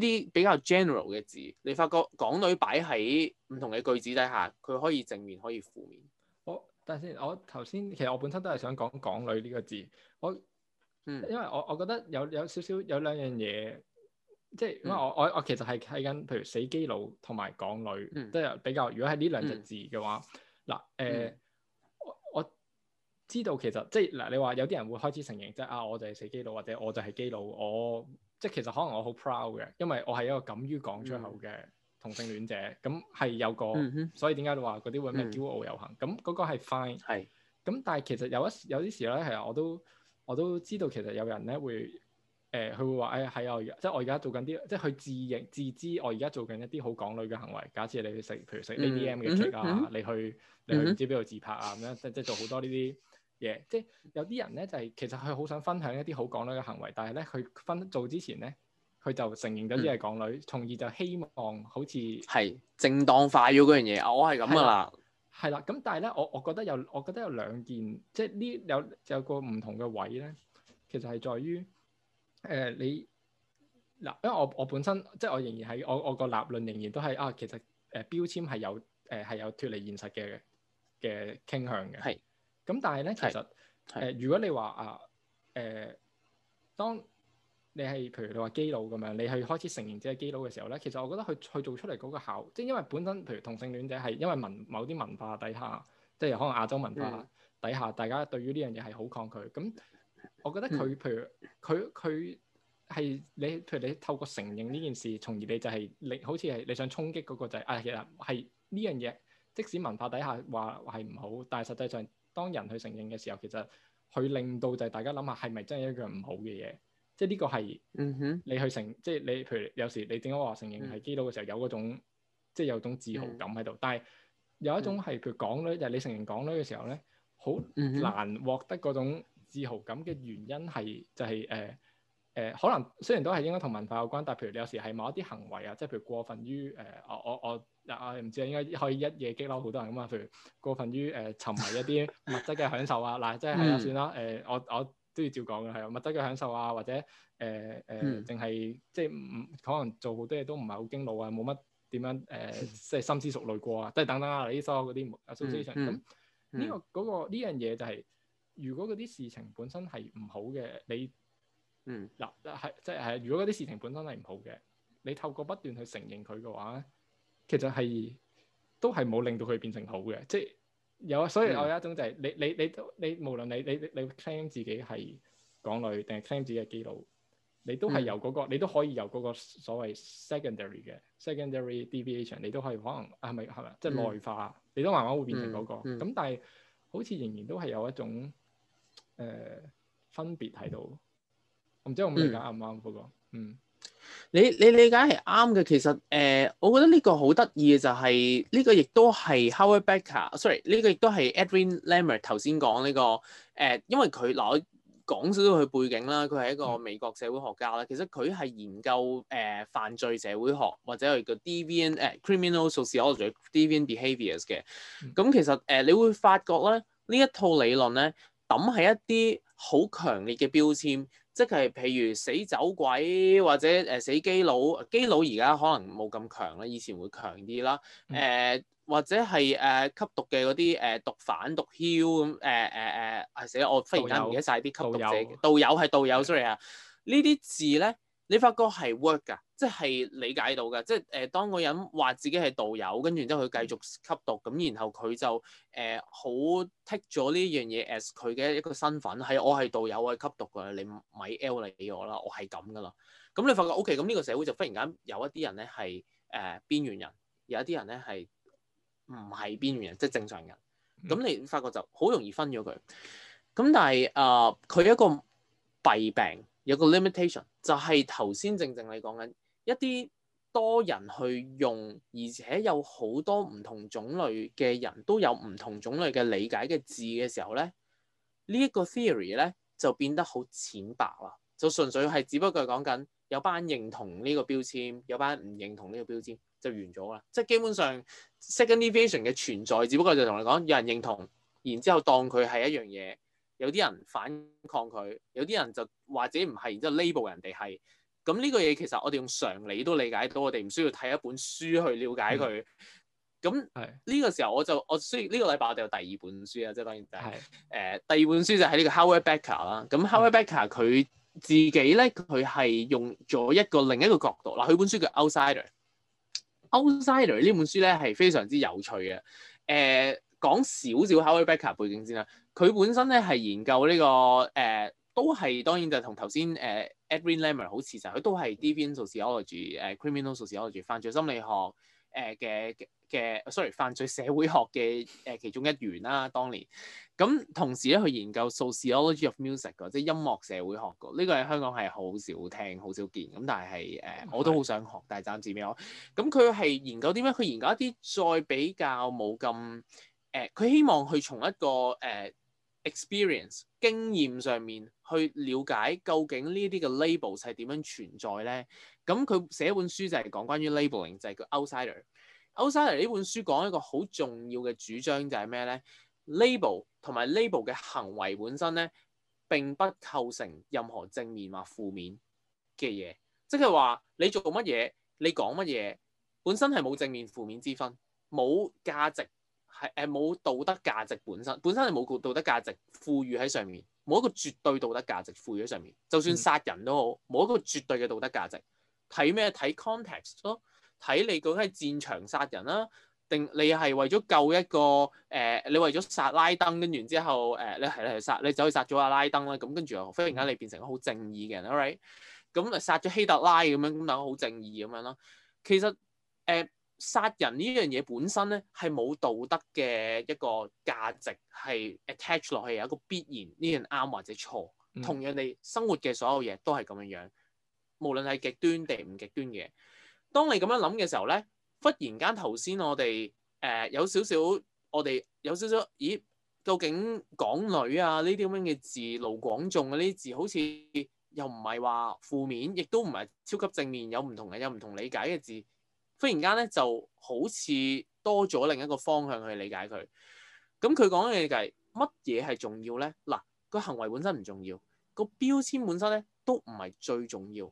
啲比較 general 嘅字，你發覺港女擺喺唔同嘅句子底下，佢可以正面可以負面。我等下先，我頭先其實我本身都係想講港女呢個字，我嗯，因為我我覺得有有少少有兩樣嘢，即、就、係、是、因為我、嗯、我我其實係睇緊，譬如死基佬同埋港女、嗯、都係比較，如果係呢兩隻字嘅話，嗱誒、嗯。嗯嗯知道其實即係嗱，你話有啲人會開始承認，即係啊，我就係死基佬，或者我就係基佬，我即係其實可能我好 proud 嘅，因為我係一個敢於講出口嘅同性戀者，咁係有個 ine, 是，所以點解你話嗰啲會咩驕傲遊行？咁嗰個係 fine，係，咁但係其實有一有啲時候咧，係我都我都知道，其實有人咧會誒，佢、呃、會話誒係啊，即係我而家做緊啲，即係佢自認自知，我而家做緊一啲好港女嘅行為。假設你去食，譬如食 AVM 嘅 cake 啊、mm hmm. 你，你去你去唔知邊度自拍啊，咁樣、mm hmm. 嗯、即係即係做好多呢啲。 [LAUGHS] 嘢，即係、yeah. 有啲人咧，就係、是、其實佢好想分享一啲好港女嘅行為，但係咧佢分做之前咧，佢就承認咗自己係港女，嗯、從而就希望好似係正當化咗嗰樣嘢，我係咁噶啦，係啦。咁但係咧，我呢我，我，覺我覺得有，我覺得有兩件，即、就、係、是、呢有有個唔同嘅位咧，其實係在於誒、呃、你嗱，因為我我本身即係我仍然喺我我個立論仍然都係啊，其實誒、呃、標籤係有誒係、呃、有脫離現實嘅嘅傾向嘅，係。咁但係咧，其實誒、呃，如果你話啊誒，當你係譬如你話基佬咁樣，你係開始承認自己基佬嘅時候咧，其實我覺得佢佢做出嚟嗰個效，即係因為本身譬如同性戀者係因為文某啲文化底下，即係可能亞洲文化底下，嗯、大家對於呢樣嘢係好抗拒。咁我覺得佢譬如佢佢係你譬如你透過承認呢件事，從而你就係、是、你好似係你想衝擊嗰個就係啊，其實係呢樣嘢，即使文化底下話係唔好，但係實際上。當人去承認嘅時候，其實佢令到就係大家諗下，係咪真係一樣唔好嘅嘢？即係呢個係，嗯哼，你去承，即係你，譬如有時你點解話承認係基佬嘅時候，有嗰種，嗯、即係有種自豪感喺度。但係有一種係譬如港女，嗯、就係你承認港女嘅時候咧，好難獲得嗰種自豪感嘅原因係就係、是、誒。呃誒、呃、可能雖然都係應該同文化有關，但譬如你有時係某一啲行為啊，即係譬如過分於誒、呃、我我我啊唔知啊，應該可以一夜激嬲好多人㗎嘛。譬如過分於誒、呃、沉迷一啲物質嘅享受 [LAUGHS] 啊，嗱即係係啊算啦誒、呃，我我都要照講嘅係啊，物質嘅享受啊或者誒誒淨係即係可能做好多嘢都唔係好經腦啊，冇乜點樣誒即係深思熟慮過啊，即係等等啊你收嗰啲啊收啲嘢，咁呢個嗰個呢樣嘢就係、是、如果嗰啲事情本身係唔好嘅你。嗯，嗱，係即係，如果嗰啲事情本身係唔好嘅，你透過不斷去承認佢嘅話咧，其實係都係冇令到佢變成好嘅。即係有啊，所以我有一種就係、是、你你你都你無論你你你，你 claim 自己係港女定係 claim 自己係基佬，你都係由嗰、那個，嗯、你都可以由嗰個所謂 secondary 嘅 secondary deviation，你都可以可能係咪係咪，即係內化，嗯、你都慢慢會變成嗰、那個。咁、嗯嗯、但係好似仍然都係有一種誒、呃、分別喺度。唔知我咩理解啱唔啱嗰個？嗯，你你理解係啱嘅。其實誒、呃，我覺得呢個好得意嘅就係、是、呢個，個、這個，亦都係 Howard Becker sorry 呢個亦都係 Edwin Lemert 頭先講呢個誒，因為佢，嗱，我講少少佢背景啦。佢係一個美國社會學家啦。嗯、其實佢係研究誒、呃、犯罪社會學或者係叫 Deviant 誒、呃、criminal sociology Deviant behaviors 嘅、嗯。咁其實誒、呃，你會發覺咧，呢一套理論咧，抌係一啲好強烈嘅標籤。即係譬如死走鬼或者誒、呃、死基佬，基佬而家可能冇咁強啦，以前會強啲啦。誒、呃、或者係誒、呃、吸毒嘅嗰啲誒毒販、毒梟咁。誒誒誒，係死啦！我忽然間唔記得晒啲吸毒者道友係道友，道友的，sorry 啊。呢啲字咧。你發覺係 work 㗎，即係理解到㗎，即係誒、呃、當個人話自己係導遊，跟住然之後佢繼續吸毒，咁然後佢就誒好、呃、take 咗呢樣嘢 as 佢嘅一個身份，係我係導遊啊，我係吸毒㗎，你咪 L 嚟俾我啦，我係咁㗎啦。咁你發覺 OK，咁呢個社會就忽然間有一啲人咧係誒邊緣人，有一啲人咧係唔係邊緣人，即係正常人。咁你發覺就好容易分咗佢。咁但係啊，佢、呃、一個弊病。有個 limitation，就係頭先正正你講緊一啲多人去用，而且有好多唔同種類嘅人都有唔同種類嘅理解嘅字嘅時候咧，呢一個 theory 咧就變得好淺白啦，就純粹係只不過係講緊有班認同呢個標籤，有班唔認同呢個標籤就完咗啦。即係基本上 second deviation 嘅存在，只不過就同你講有人認同，然之後當佢係一樣嘢。有啲人反抗佢，有啲人就或者唔係，然之後 label 人哋係。咁呢個嘢其實我哋用常理都理解到，我哋唔需要睇一本書去了解佢。咁呢、嗯、個時候我就我需要呢個禮拜我哋有第二本書啊，即係當然就係誒第二本書就係呢個 Howard Becker 啦。咁 Howard Becker 佢自己咧，佢係用咗一個另一個角度嗱，佢本書叫 Outsider。Outsider 呢 Out 本書咧係非常之有趣嘅，誒、呃、講少少 Howard Becker 背景先啦。佢本身咧係研究呢、這個誒、呃，都係當然就同頭先誒、呃、Edwin Lemert 好似就佢都係 Deviant Sociology 誒、呃、，criminal Sociology 犯罪心理學誒嘅嘅，sorry 犯罪社會學嘅誒、呃、其中一員啦、啊。當年咁同時咧，佢研究數 Sociology of Music 嘅，即係音樂社會學嘅。呢、這個喺香港係好少聽、好少見咁，但係誒、呃、我都好想學，但係暫時未可。咁佢係研究點咧？佢研究一啲再比較冇咁誒，佢、呃、希望去從一個誒。呃呃 Experience 經驗上面去了解究竟呢啲嘅 label 係點樣存在咧？咁佢寫本書就係講關於 labeling，就係叫 Outsider。Outsider 呢本書講一個好重要嘅主張就係咩咧？label 同埋 label 嘅行為本身咧，並不構成任何正面或負面嘅嘢。即係話你做乜嘢，你講乜嘢，本身係冇正面負面之分，冇價值。係誒冇道德價值本身，本身係冇道德價值賦予喺上面，冇一個絕對道德價值賦予喺上面。就算殺人都好，冇一個絕對嘅道德價值。睇咩？睇 context 咯，睇你究竟係戰場殺人啦，定你係為咗救一個誒、呃，你為咗殺拉登，跟住之後誒、呃，你係你係殺，你走去殺咗阿拉登啦，咁跟住又忽然間你變成好正義嘅人，all right？咁殺咗希特拉咁樣，咁大家好正義咁樣咯。其實誒。呃殺人呢樣嘢本身咧係冇道德嘅一個價值，係 attach 落去有一個必然呢樣啱或者錯。同樣地，生活嘅所有嘢都係咁樣樣，無論係極端定唔極端嘅。當你咁樣諗嘅時候咧，忽然間頭先我哋誒、呃、有少少我哋有少少咦，究竟港女啊呢啲咁樣嘅字、勞廣眾呢啲字，好似又唔係話負面，亦都唔係超級正面，有唔同嘅有唔同理解嘅字。忽然間咧，就好似多咗另一個方向去理解佢。咁佢講嘅嘢就係乜嘢係重要咧？嗱、啊，個行為本身唔重要，個標籤本身咧都唔係最重要。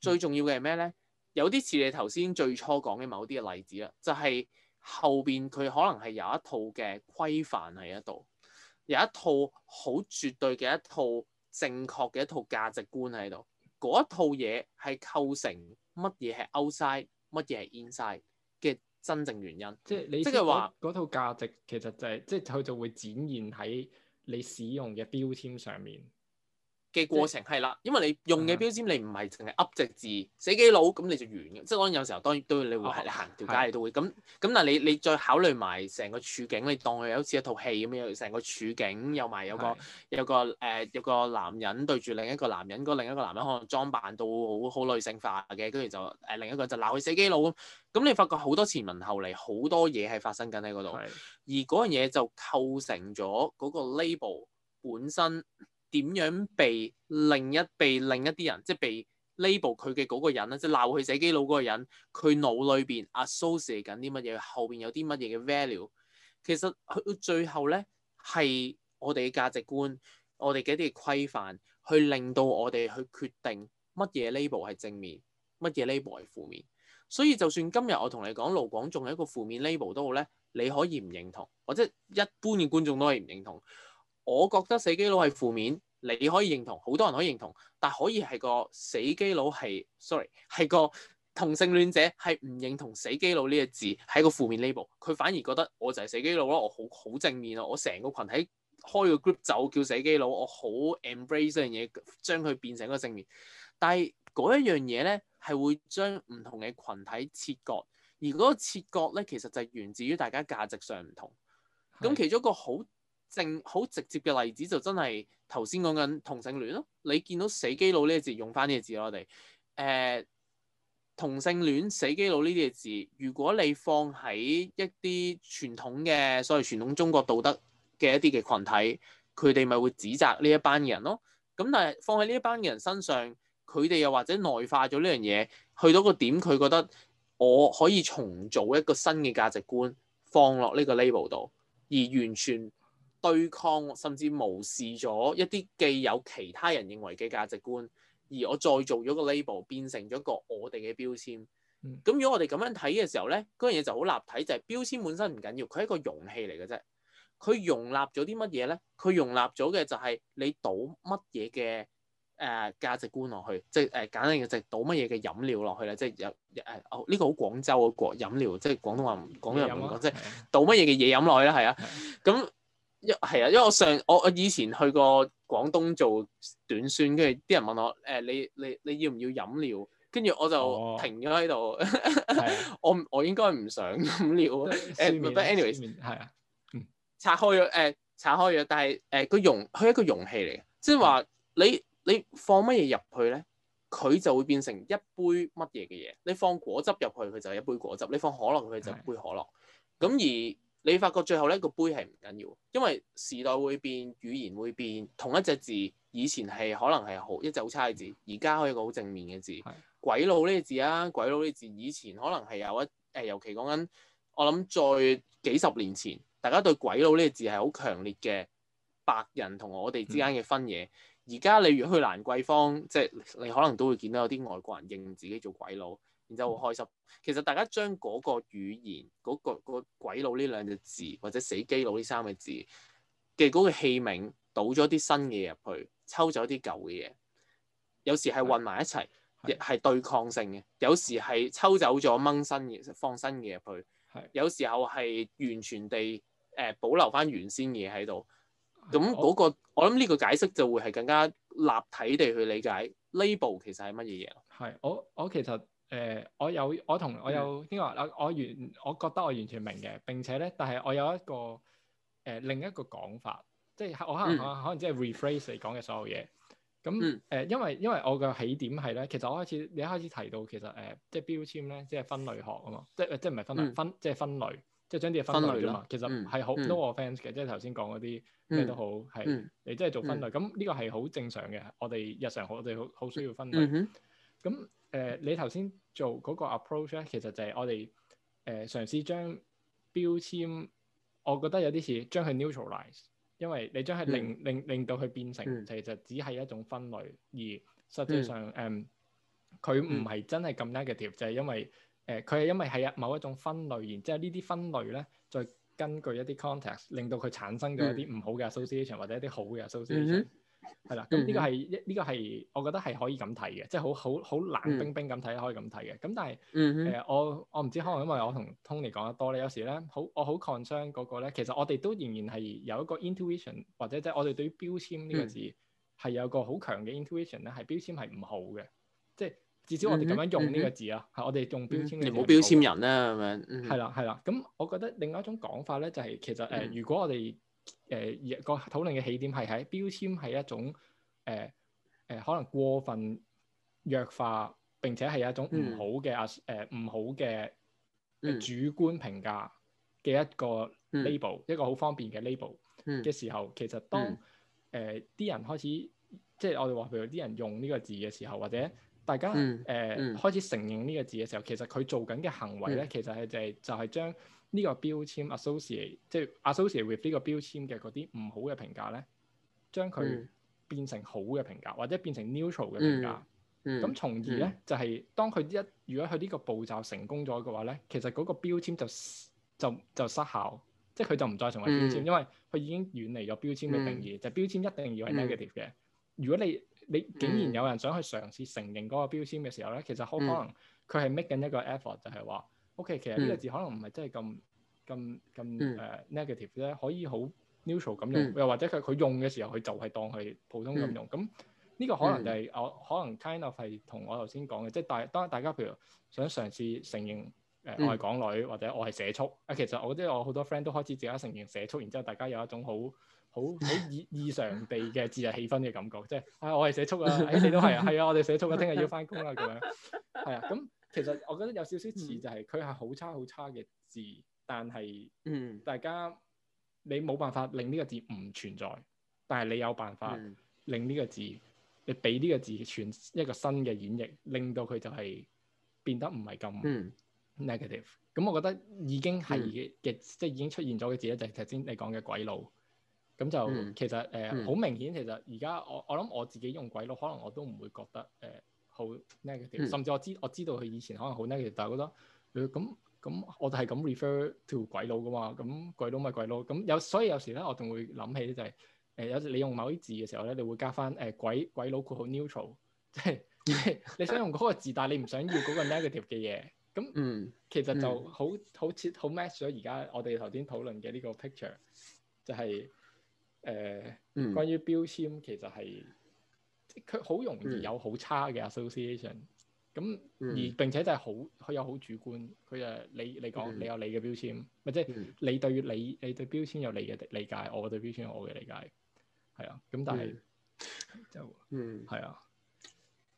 最重要嘅係咩咧？嗯、有啲似你頭先最初講嘅某啲嘅例子啦，就係、是、後邊佢可能係有一套嘅規範喺一度，有一套好絕對嘅一套正確嘅一套價值觀喺度。嗰一套嘢係構成乜嘢係 outside 乜嘢係 inside 嘅真正原因？即係你，即係話嗰套價值其實就係、是、即係佢就會展現喺你使用嘅標籤上面。嘅過程係啦，是因為你用嘅標籤，嗯、你唔係淨係噏直字、嗯、死基佬，咁你就完嘅。即係、嗯、當然有時候當然都你會係你行條街你都會咁咁。嗯嗯、但係你你再考慮埋成個處境，你當佢好似一套戲咁樣，成個處境又有埋、嗯、有個、呃、有個誒有個男人對住另一個男人，嗰另一個男人可能裝扮到好好女性化嘅，跟住就誒、呃、另一個就鬧佢死基佬咁。你發覺好多前文後嚟好多嘢係發生緊喺嗰度，嗯嗯、而嗰樣嘢就構成咗嗰個 label 本，本身。點樣被另一被另一啲人，即係被 label 佢嘅嗰個人咧，即係鬧佢寫基佬嗰個人，佢腦裏邊 associate 緊啲乜嘢？後邊有啲乜嘢嘅 value？其實佢最後咧係我哋嘅價值觀，我哋嘅一啲規範去令到我哋去決定乜嘢 label 係正面，乜嘢 label 係負面。所以就算今日我同你講盧廣仲係一個負面 label 都好咧，你可以唔認同，或者一般嘅觀眾都可以唔認同。我覺得死基佬係負面，你可以認同，好多人可以認同，但可以係個死基佬係，sorry 係個同性戀者係唔認同死基佬呢個字係一個負面 label。佢反而覺得我就係死基佬咯，我好好正面啊！我成個群體開個 group 就叫死基佬，我好 embrace 呢樣嘢，將佢變成一個正面。但係嗰一樣嘢咧係會將唔同嘅群體切割，而嗰個切割咧其實就源自於大家價值上唔同。咁其中一個好。正好直接嘅例子就真係頭先講緊同性戀咯、啊。你見到死基佬呢個字，用翻呢個字我哋誒、呃、同性戀死基佬呢啲嘅字，如果你放喺一啲傳統嘅所謂傳統中國道德嘅一啲嘅群體，佢哋咪會指責呢一班嘅人咯。咁但係放喺呢一班嘅人身上，佢哋又或者內化咗呢樣嘢，去到個點，佢覺得我可以重做一個新嘅價值觀，放落呢個 label 度，而完全。對抗，甚至無視咗一啲既有其他人認為嘅價值觀，而我再做咗個 label 變成咗一個我哋嘅標籤。咁、嗯、如果我哋咁樣睇嘅時候咧，嗰樣嘢就好立體，就係、是、標籤本身唔緊要緊，佢係一個容器嚟嘅啫。佢容納咗啲乜嘢咧？佢容納咗嘅就係你倒乜嘢嘅誒價值觀落去，即係誒簡單嘅就是、倒乜嘢嘅飲料落去啦，即係有誒呢個好廣州嘅國飲料，即、就、係、是、廣東話廣東話唔講，即係喝倒乜嘢嘅嘢飲落去啦，係啊，咁對。 [LAUGHS] 因係啊，因為我上我我以前去過廣東做短宣，跟住啲人問我誒、哎、你你你要唔要飲料？跟住我就停咗喺度，我我應該唔想飲料誒 anyways 啊，拆開咗誒拆開咗，但係誒個容佢係一個容器嚟嘅。即係話你你放乜嘢入去咧，佢就會變成一杯乜嘢嘅嘢。你放果汁入去，佢就係一杯果汁；你放可樂入去，佢就係、一杯可樂。咁的而你發覺最後咧個杯係唔緊要，因為時代會變，語言會變，同一隻字以前係可能係好一隻好差嘅字，而家係一個好正面嘅字。的鬼佬呢個字啊，鬼佬呢個字以前可能係有一誒，尤其講緊我諗再幾十年前，大家對鬼佬呢個字係好強烈嘅白人同我哋之間嘅分野。而家的你如果去蘭桂坊，即係你可能都會見到有啲外國人認自己做鬼佬。然之後好開心。其實大家將嗰個語言嗰，那個那個鬼佬呢兩隻字，或者死基佬呢三個字嘅嗰個器皿倒咗啲新嘢入去，抽走啲舊嘅嘢。有時係混埋一齊，係對抗性嘅；有時係抽走咗掹新嘢放新嘢入去。是有時候係完全地誒、呃、保留翻原先嘢喺度。咁嗰是、那個我諗呢個解釋就會係更加立體地去理解 label 其實係乜嘢嘢咯。我我，我其實。誒，我有我同我有呢個？我完，我覺得我完全明嘅。並且咧，但係我有一個誒另一個講法，即係我可能可能即係 rephrase 你講嘅所有嘢。咁誒，因為因為我嘅起點係咧，其實我開始你一開始提到其實誒，即係標籤咧，即係分類學啊嘛，即係即係唔係分類分，即係分類，即係將啲嘢分類啊嘛。其實係好 no offence 嘅，即係頭先講嗰啲咩都好，係你即係做分類。咁呢個係好正常嘅，我哋日常好我哋好好需要分類。咁誒、呃，你頭先做嗰個 approach 咧，其實就係我哋誒、呃、嘗試將標籤，我覺得有啲似將佢 neutralize，因為你將佢令、嗯、令令到佢變成，其實只係一種分類，而實際上誒，佢唔係真係咁 negative、嗯、就係因為誒，佢、呃、係因為係某一種分類，然之後呢啲分類咧，再根據一啲 context，令到佢產生咗一啲唔好嘅 association、嗯、或者一啲好嘅 association。嗯。係啦，咁呢、嗯、個係一呢個係，我覺得係可以咁睇嘅，即係好好好冷冰冰咁睇，可以咁睇嘅。咁但係，誒、呃，我我唔知，可能因為我同 Tony 講得多咧，有時咧，好我好 concern 嗰個咧，其實我哋都仍然係有一個 intuition，或者即係我哋對於標籤呢個字係、嗯、哼 有個強嘅 intuition，好強嘅 intuition 咧，係標籤係唔好嘅，即係至少我哋咁樣用呢個字啊，係我哋用標籤嚟冇標籤人咧，咁樣係啦係啦。咁、嗯、我覺得另外一種講法咧、就是，就係其實誒、呃，如果我哋誒，個討論嘅起點係喺標籤係一種誒誒、呃呃，可能過分弱化，並且係一種唔好嘅啊誒唔好嘅、呃、主觀評價嘅一個 label，、嗯、一個好方便嘅 label 嘅、嗯、時候，其實當誒啲、嗯呃、人開始即係我哋話譬如啲人用呢個字嘅時候，或者大家誒、嗯嗯呃、開始承認呢個字嘅時候，其實佢做緊嘅行為咧，其實係就係、是、就係將。呢個標籤 associate 即係 associate with 呢個標籤嘅嗰啲唔好嘅評價咧，將佢變成好嘅評價，或者變成 neutral 嘅評價。咁從、嗯嗯、而咧、嗯、就係當佢一如果佢呢個步驟成功咗嘅話咧，其實嗰個標籤就就就失效，即係佢就唔再成為標籤，嗯、因為佢已經遠離咗標籤嘅定義。嗯、就標籤一定要係 negative 嘅。如果你你竟然有人想去嘗試承認嗰個標籤嘅時候咧，其實好可能佢係 make 緊一個 effort 就係、是、話。OK，其實呢個字可能唔係真係咁咁咁誒 negative 啫，可以好 neutral 咁用，又或者佢佢用嘅時候佢就係當佢普通咁用。咁呢個可能就係我可能 kind of 係同我頭先講嘅，即係大當大家譬如想嘗試承認誒我係港女、嗯、或者我係社畜啊，其實我即係我好多 friend 都開始自己承認社畜，然之後大家有一種好好好異異常地嘅節日氣氛嘅感覺，即係啊我係社畜啊、哎，你都係啊，係啊 [LAUGHS] 我哋社畜啊，聽日要翻工啊咁樣，係啊咁。其實我覺得有少少似就係佢係好差好差嘅字，但係，嗯，大家你冇辦法令呢個字唔存在，但係你有辦法令呢個字，你俾呢個字傳一個新嘅演繹，令到佢就係變得唔係咁 negative。咁、嗯、我覺得已經係嘅，嗯、即係已經出現咗嘅字咧，就係頭先你講嘅鬼佬。咁就其實誒好、嗯嗯呃、明顯，其實而家我我諗我自己用鬼佬，可能我都唔會覺得誒，呃好 negative，甚至我知我知道佢以前可能好 negative，但係我覺得咁咁，嗯嗯嗯嗯嗯嗯、我哋係咁 refer to 鬼佬噶嘛，咁、嗯、鬼佬咪鬼佬，咁有所以有時咧，我仲會諗起就係誒有時你用某啲字嘅時候咧，你會加翻誒、呃、鬼鬼佬括號 neutral，即、就、係、是、 [LAUGHS] 你想用嗰個字，但係你唔想要嗰個 negative 嘅嘢，咁其實就好好似好 match 咗而家我哋頭先討論嘅呢個 picture，就係、是、誒、呃、關於標籤其實係。佢好容易有好差嘅 association，咁、嗯、而並且就係好佢有好主觀，佢就係你你講，你有你嘅標籤，咪即係，你對你你對標籤有你嘅理解，我對標籤有我嘅理解，係啊，咁但係，就嗯，係啊，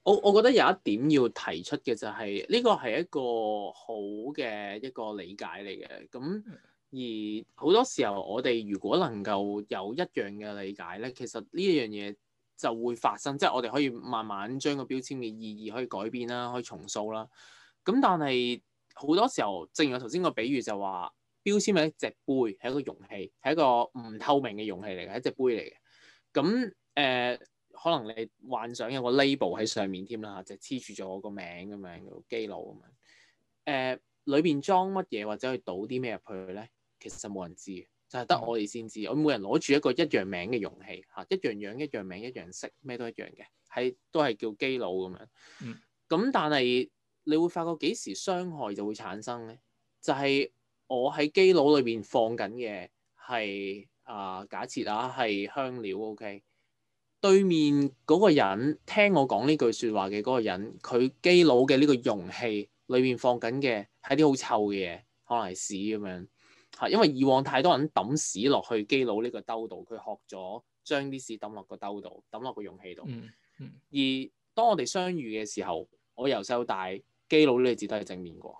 我我覺得有一點要提出嘅就係呢個係一個好嘅一個理解嚟嘅，咁而好多時候我哋如果能夠有一樣嘅理解咧，其實呢一樣嘢。就會發生，即係我哋可以慢慢將個標籤嘅意義可以改變啦，可以重塑啦。咁但係好多時候，正如我頭先個比喻就話，標籤係一隻杯，係一個容器，係一個唔透明嘅容器嚟嘅，一隻杯嚟嘅。咁誒、呃，可能你幻想有個 label 喺上面添啦，嚇，就黐住咗我個名咁樣，個基佬咁樣。誒，裏邊裝乜嘢或者去倒啲咩入去咧？其實就冇人知嘅。就係得我哋先知，我每人攞住一個一樣名嘅容器，嚇一樣樣、一樣名、一樣色，咩都一樣嘅，係都係叫基佬咁樣。咁、嗯、但係你會發覺幾時傷害就會產生咧？就係、係、我喺基佬裏邊放緊嘅係啊，假設啊係香料 OK。對面嗰個人聽我講呢句説話嘅嗰個人，佢基佬嘅呢個容器裏邊放緊嘅係啲好臭嘅嘢，可能係屎咁樣。係，因為以往太多人抌屎落去基佬呢個兜度，佢學咗將啲屎抌落個兜度，抌落個容器度。嗯嗯、而當我哋相遇嘅時候，我由細到大，基佬呢個字都係正面過，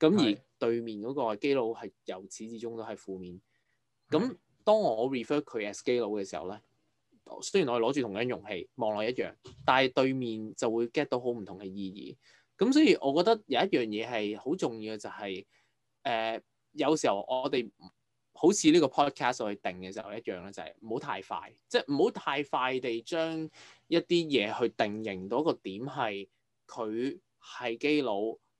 咁、 [LAUGHS] 嗯、而對面嗰個基佬係由始至終都係負面。咁、嗯嗯、當我 refer 佢 as 基佬嘅時候咧，雖然我哋攞住同一樣容器，望落一樣，但係對面就會 get 到好唔同嘅意義。咁所以，我覺得有一樣嘢係好重要嘅就係、是，誒、呃。有時候我哋好似呢個 podcast 去定嘅時候一樣咧，就係唔好太快，即係唔好太快地將一啲嘢去定型到一個點係佢係基佬，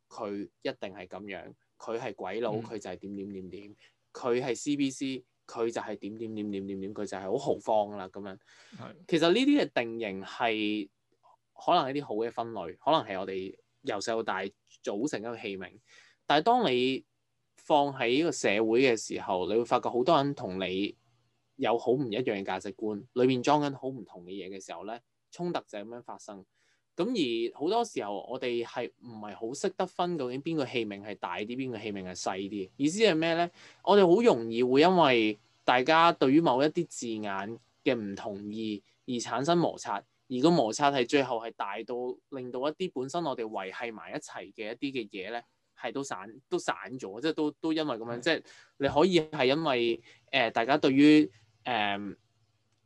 佢一定係咁樣；佢係鬼佬，佢就係點點點點；佢係 CBC，佢就係點點點點點點，佢就係好豪放啦咁樣。其實呢啲嘅定型係可能一啲好嘅分類，可能係我哋由細到大組成一個器皿，但係當你放喺呢個社會嘅時候，你會發覺好多人同你有好唔一樣嘅價值觀，裏面裝緊好唔同嘅嘢嘅時候咧，衝突就係咁樣發生。咁而好多時候，我哋係唔係好識得分？究竟邊個器皿係大啲，邊個器皿係細啲？意思係咩咧？我哋好容易會因為大家對於某一啲字眼嘅唔同意而產生摩擦，而個摩擦係最後係大到令到一啲本身我哋維係埋一齊嘅一啲嘅嘢咧。係都散都散咗，即係都都因為咁樣，即係你可以係因為誒大家對於誒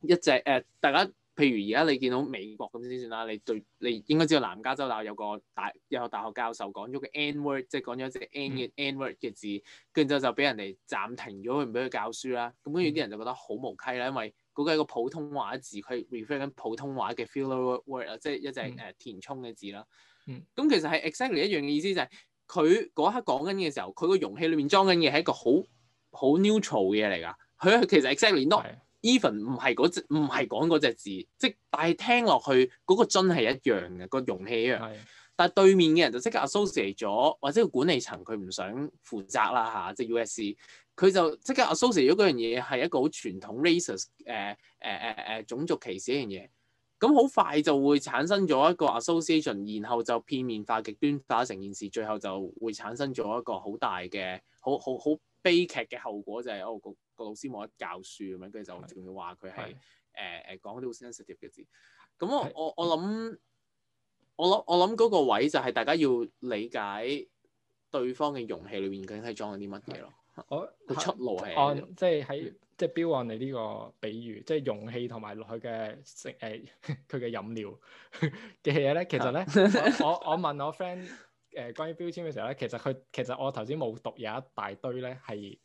一隻誒大家，譬如而家你見到美國咁先算啦，你對你應該知道南加州大學有個大有個大學教授講咗個 N word，即係講咗一隻 N 嘅 N word 嘅字，跟住之就就俾人哋暫停咗佢，唔俾佢教書啦。咁跟住啲人就覺得好無稽啦，因為估計個普通話字佢 r e f e r t 緊普通話嘅 filler word 即係一隻誒填充嘅字啦。咁其實係 exactly 一樣嘅意思就係。佢嗰刻講緊嘅時候，佢個容器裏面裝緊嘢係一個好好 neutral 嘅嘢嚟㗎。佢其實 exactly not even 唔係嗰唔係講嗰隻字，即係但係聽落去嗰、嗰個樽係一樣嘅，個容器一樣。的但係對面嘅人就即刻 associate 咗，或者個管理層佢唔想負責啦嚇，即 USC 佢就即刻 associate 咗嗰樣嘢係一個好傳統 racist 誒、呃、誒誒、呃、誒種族歧視一樣嘢。咁好快就會產生咗一個 association，然後就片面化、極端化成件事，最後就會產生咗一個好大嘅好好好悲劇嘅後果，就係、是、哦個個老師冇得教書咁樣，跟住就仲要話佢係誒誒講啲好 sensitive 嘅字。咁我的我我諗，我諗我諗嗰個位就係大家要理解對方嘅容器裏面究竟係裝緊啲乜嘢咯。我出路係，的即係喺。即係標籤你呢個比喻，即容器同埋落去嘅食誒佢嘅飲料嘅嘢咧，其實咧 [LAUGHS] 我我，我問我 friend 誒、呃、關於標籤嘅時候咧，其實佢其實我頭先冇讀有一大堆咧係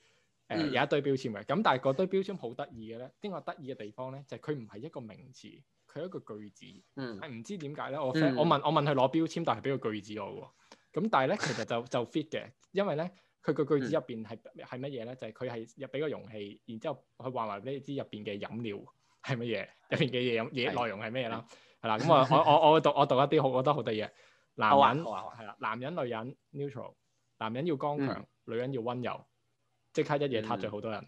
誒有一堆標籤嘅，咁但係嗰堆標籤好得意嘅咧，邊個得意嘅地方咧就係佢唔係一個名詞，佢係一個句子，係唔知點解咧？我 friend 我問我問佢攞標籤，但係俾個句子我喎，咁但係咧其實就就 fit 嘅，因為咧。佢句句子入邊係係乜嘢咧？就係佢係入俾個容器，然之後佢話埋呢支入邊嘅飲料係乜嘢，入邊嘅嘢飲嘢內容係咩啦？係啦，咁我我我我讀我讀一啲，我覺得好得意。男人係啦，男人女人 neutral，男人要剛強，嗯、女人要溫柔，即刻一夜撻著好多人，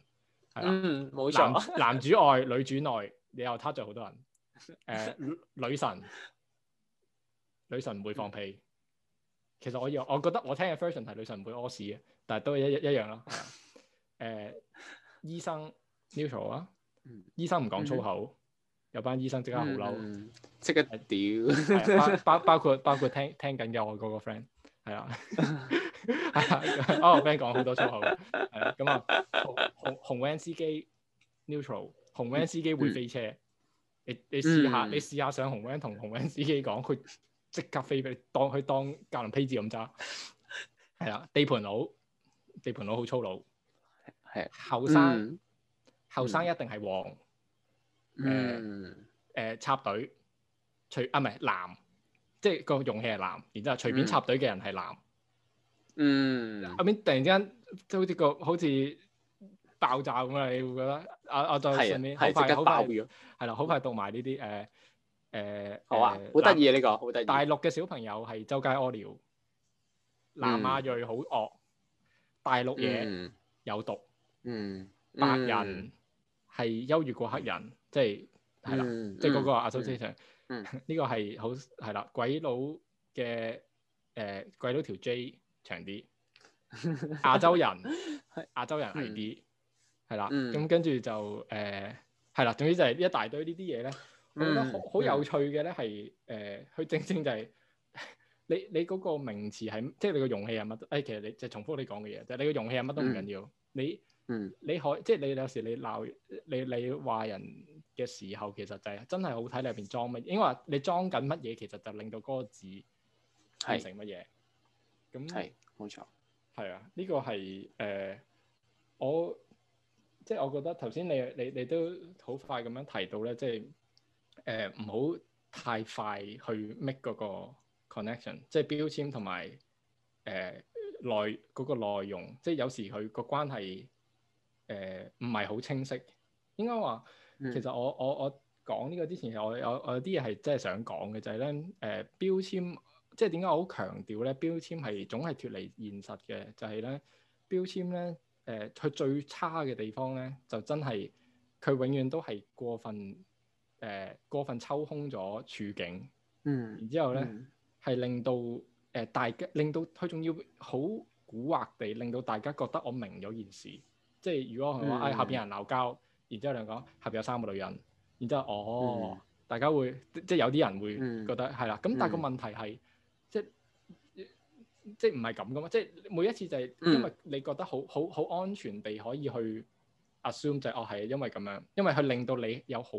係啦、嗯，冇的、嗯、錯。男男主外女主內，又撻著好多人。誒、呃，女神，女神唔會放屁。其實我要，我覺得我聽嘅 version 係女神唔會屙屎嘅，但係都一一,一樣咯。誒、呃，醫生 neutral 啊，neutral, [NOISE] 醫生唔講粗口，有班醫生即刻好嬲，即刻屌。包括包括包括聽聽緊嘅我嗰個 friend 係啊，我個 friend 講好多粗口，係啦。咁啊，嗯、紅紅 van 司機 neutral，紅 van 司機會飛車。你你試下，你試下上紅 van 同紅 van 司機講佢。即刻飛俾當佢當格林披治咁揸，係啦，地盤佬，地盤佬好粗魯，係啊，後生後生一定係黃，誒誒插隊，隨啊唔係藍，即係個勇氣係藍，然之後隨便插隊嘅人係藍，嗯，後面突然之間即係好似個好似爆炸咁樣，你會覺得啊，我再上面好快好快爆，係啦，好快讀埋呢啲誒。誒，好啊，好得意啊呢個，大陸嘅小朋友係周街屙尿，南亞裔好惡，大陸嘢有毒，嗯，白人係優越過黑人，即係係啦，即係嗰個亞洲先生，嗯，呢個係好係啦，鬼佬嘅誒，鬼佬條 J 長啲，亞洲人亞洲人矮啲，係啦，咁跟住就誒係啦，總之就係一大堆呢啲嘢咧。我覺得好有趣嘅咧，係、呃、誒，佢正正就係、是、你你嗰個名詞係，即係你個容器係乜？誒、哎，其實你就係重複你講嘅嘢，就係你個容器係乜都唔緊要。嗯、你你可即係你有時你鬧你你話人嘅時候，其實就係真係好睇裏邊裝乜，因為你裝緊乜嘢，其實就令到嗰個字變成乜嘢。咁係冇錯，係啊，呢、這個係誒、呃，我即係我覺得頭先你你你，你都好快咁樣提到咧，即、就、係、是。誒，唔好太快去 make 嗰個 connection，即係標籤同埋誒內嗰個內容，即係有時佢個關係誒唔係好清晰。應該話其實我我我講呢個之前，我我我有啲嘢係真係想講嘅就係咧誒標籤，即係點解我好強調咧標籤係總係脱離現實嘅，就係咧標籤咧誒佢最差嘅地方咧就真係佢永遠都係過分。誒、呃、過分抽空咗處境，嗯，然之後咧係、嗯、令到誒、呃、大家，令到佢仲要好蠱惑咁令到大家覺得我明咗件事。即係如果佢話誒下邊有人鬧交，然之後你講下邊有三個女人，然之後哦，大家會，即係有啲人會覺得係啦。噉但係個問題係，即係即係唔係噉嘅嘛。即係每一次就係因為你覺得、嗯嗯、好好好安全地可以去 assume，就係哦，係因為噉樣因為佢令到你有好。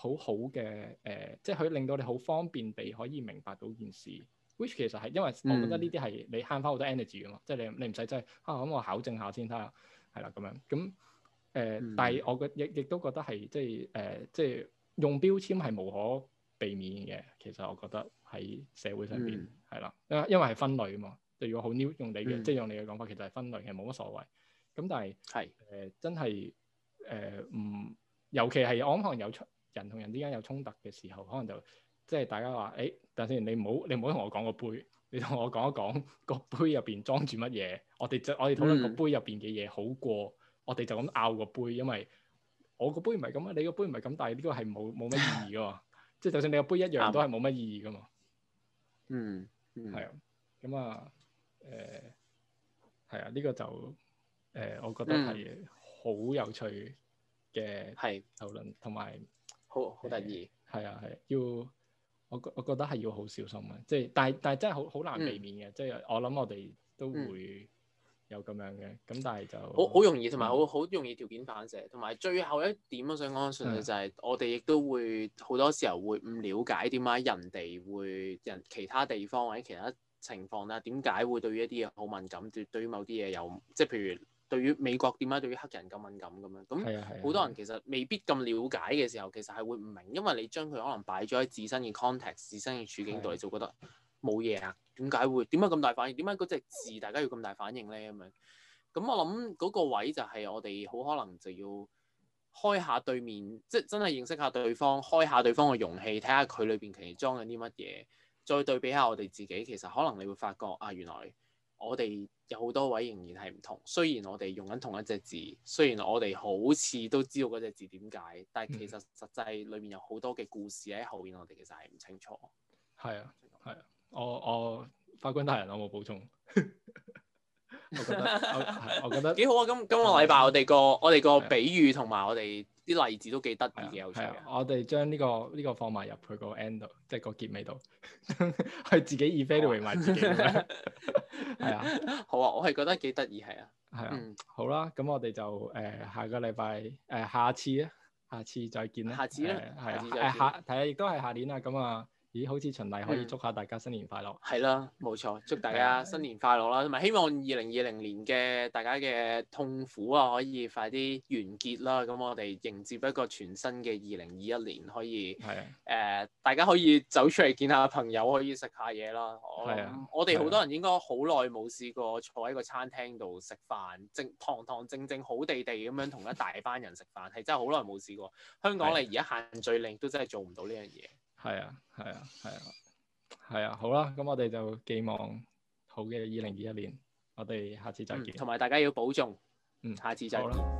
好好嘅誒，即係佢令到你好方便地可以明白到件事，which 其實係因為我覺得呢啲係你慳翻好多 energy 嘅嘛，嗯、即係你你唔使真係啊，咁我考證下先睇下，係啦咁樣咁誒，呃嗯、但係我亦亦都覺得係即係誒，即係用標籤係無可避免嘅。其實我覺得喺社會上邊係啦，因為因為係分類啊嘛，就如果好 new 用你嘅，嗯、即係用你嘅講法，其實係分類，其實冇乜所謂。咁但係係誒真係誒唔，尤其係我可能有出。人同人之間有衝突嘅時候，可能就即係大家話，誒、欸，等先你唔好，你唔好同我講個杯，你同我講一講個杯入邊裝住乜嘢。我哋就我哋討論個杯入邊嘅嘢好過，嗯、我哋就咁拗個杯，因為我個杯唔係咁啊，你個杯唔係咁，但係呢個係冇冇乜意義㗎。即係就算你個杯一樣，都係冇乜意義噶嘛。嗯，係、嗯嗯、啊，咁、呃、啊，誒係啊，呢、這個就誒、呃，我覺得係好有趣嘅討論，同埋、嗯。嗯嗯嗯嗯好好得意，係、欸、啊，係要我我覺得係要好小心啊，即係但係但係真係好好難避免嘅，嗯、即係我諗我哋都會有咁樣嘅，咁、嗯、但係就好好容易，同埋好好容易條件反射，同埋最後一點我想講嘅就係、是、的我哋亦都會好多時候會唔了解點解人哋會人其他地方或者其他情況咧，點解會對於一啲嘢好敏感，對對於某啲嘢有即係譬如。對於美國點解對於黑人咁敏感咁樣，咁好多人其實未必咁了解嘅時候，其實係會唔明，因為你將佢可能擺咗喺自身嘅 context、自身嘅處境度你就覺得冇嘢啊，點解會點解咁大反應？點解嗰隻字大家要咁大反應咧？咁樣，咁我諗嗰個位就係我哋好可能就要開下對面，即係真係認識下對方，開下對方嘅容器，睇下佢裏邊其實裝緊啲乜嘢，再對比下我哋自己，其實可能你會發覺啊，原來。我哋有好多位仍然係唔同，雖然我哋用緊同一隻字，雖然我哋好似都知道嗰隻字點解，但係其實實際裏面有好多嘅故事喺後邊，我哋其實係唔清楚。係啊，係啊，我我法官大人，有冇補充？ [LAUGHS] [LAUGHS] 我覺得我覺得幾好啊！今今個禮拜我哋個、嗯、我哋個比喻同埋我哋啲例子都幾得意，嘅、嗯。係、嗯、啊，我哋將呢個呢、呢個放埋入去個 end 即係個結尾度，係 [LAUGHS] 自己 evaluate 埋自己，自己。係啊，好啊，我係覺得幾得意，係啊，係啊、嗯，好啦，咁我哋就誒下個禮拜誒下次，下次，下次、嗯、啊，下次再見啦，下次啦，係啊，係啊，下係啊，亦都係下年啊，咁啊。咦，好似循例可以祝下大家新年快樂。係啦，冇 [NOISE] 錯、嗯啊，祝大家新年快樂啦，同埋 [LAUGHS] 希望二零二零年嘅大家嘅痛苦啊，可以快啲完結啦。咁我哋迎接一個全新嘅二零二一年，可以係誒、啊呃，大家可以走出嚟見下朋友，可以食下嘢啦。啊、我哋好、啊、多人應該好耐冇試過坐喺個餐廳度食飯，啊啊、正堂堂正正好地地咁樣同一大班人食飯，係、啊啊啊、真係好耐冇試過。香港你而家限聚令都真係做唔到呢樣嘢。係啊，係啊，係啊，係啊，好啦，咁我哋就寄望好嘅二零二一年，我哋下次再見。同埋，嗯，大家要保重，嗯，下次再見。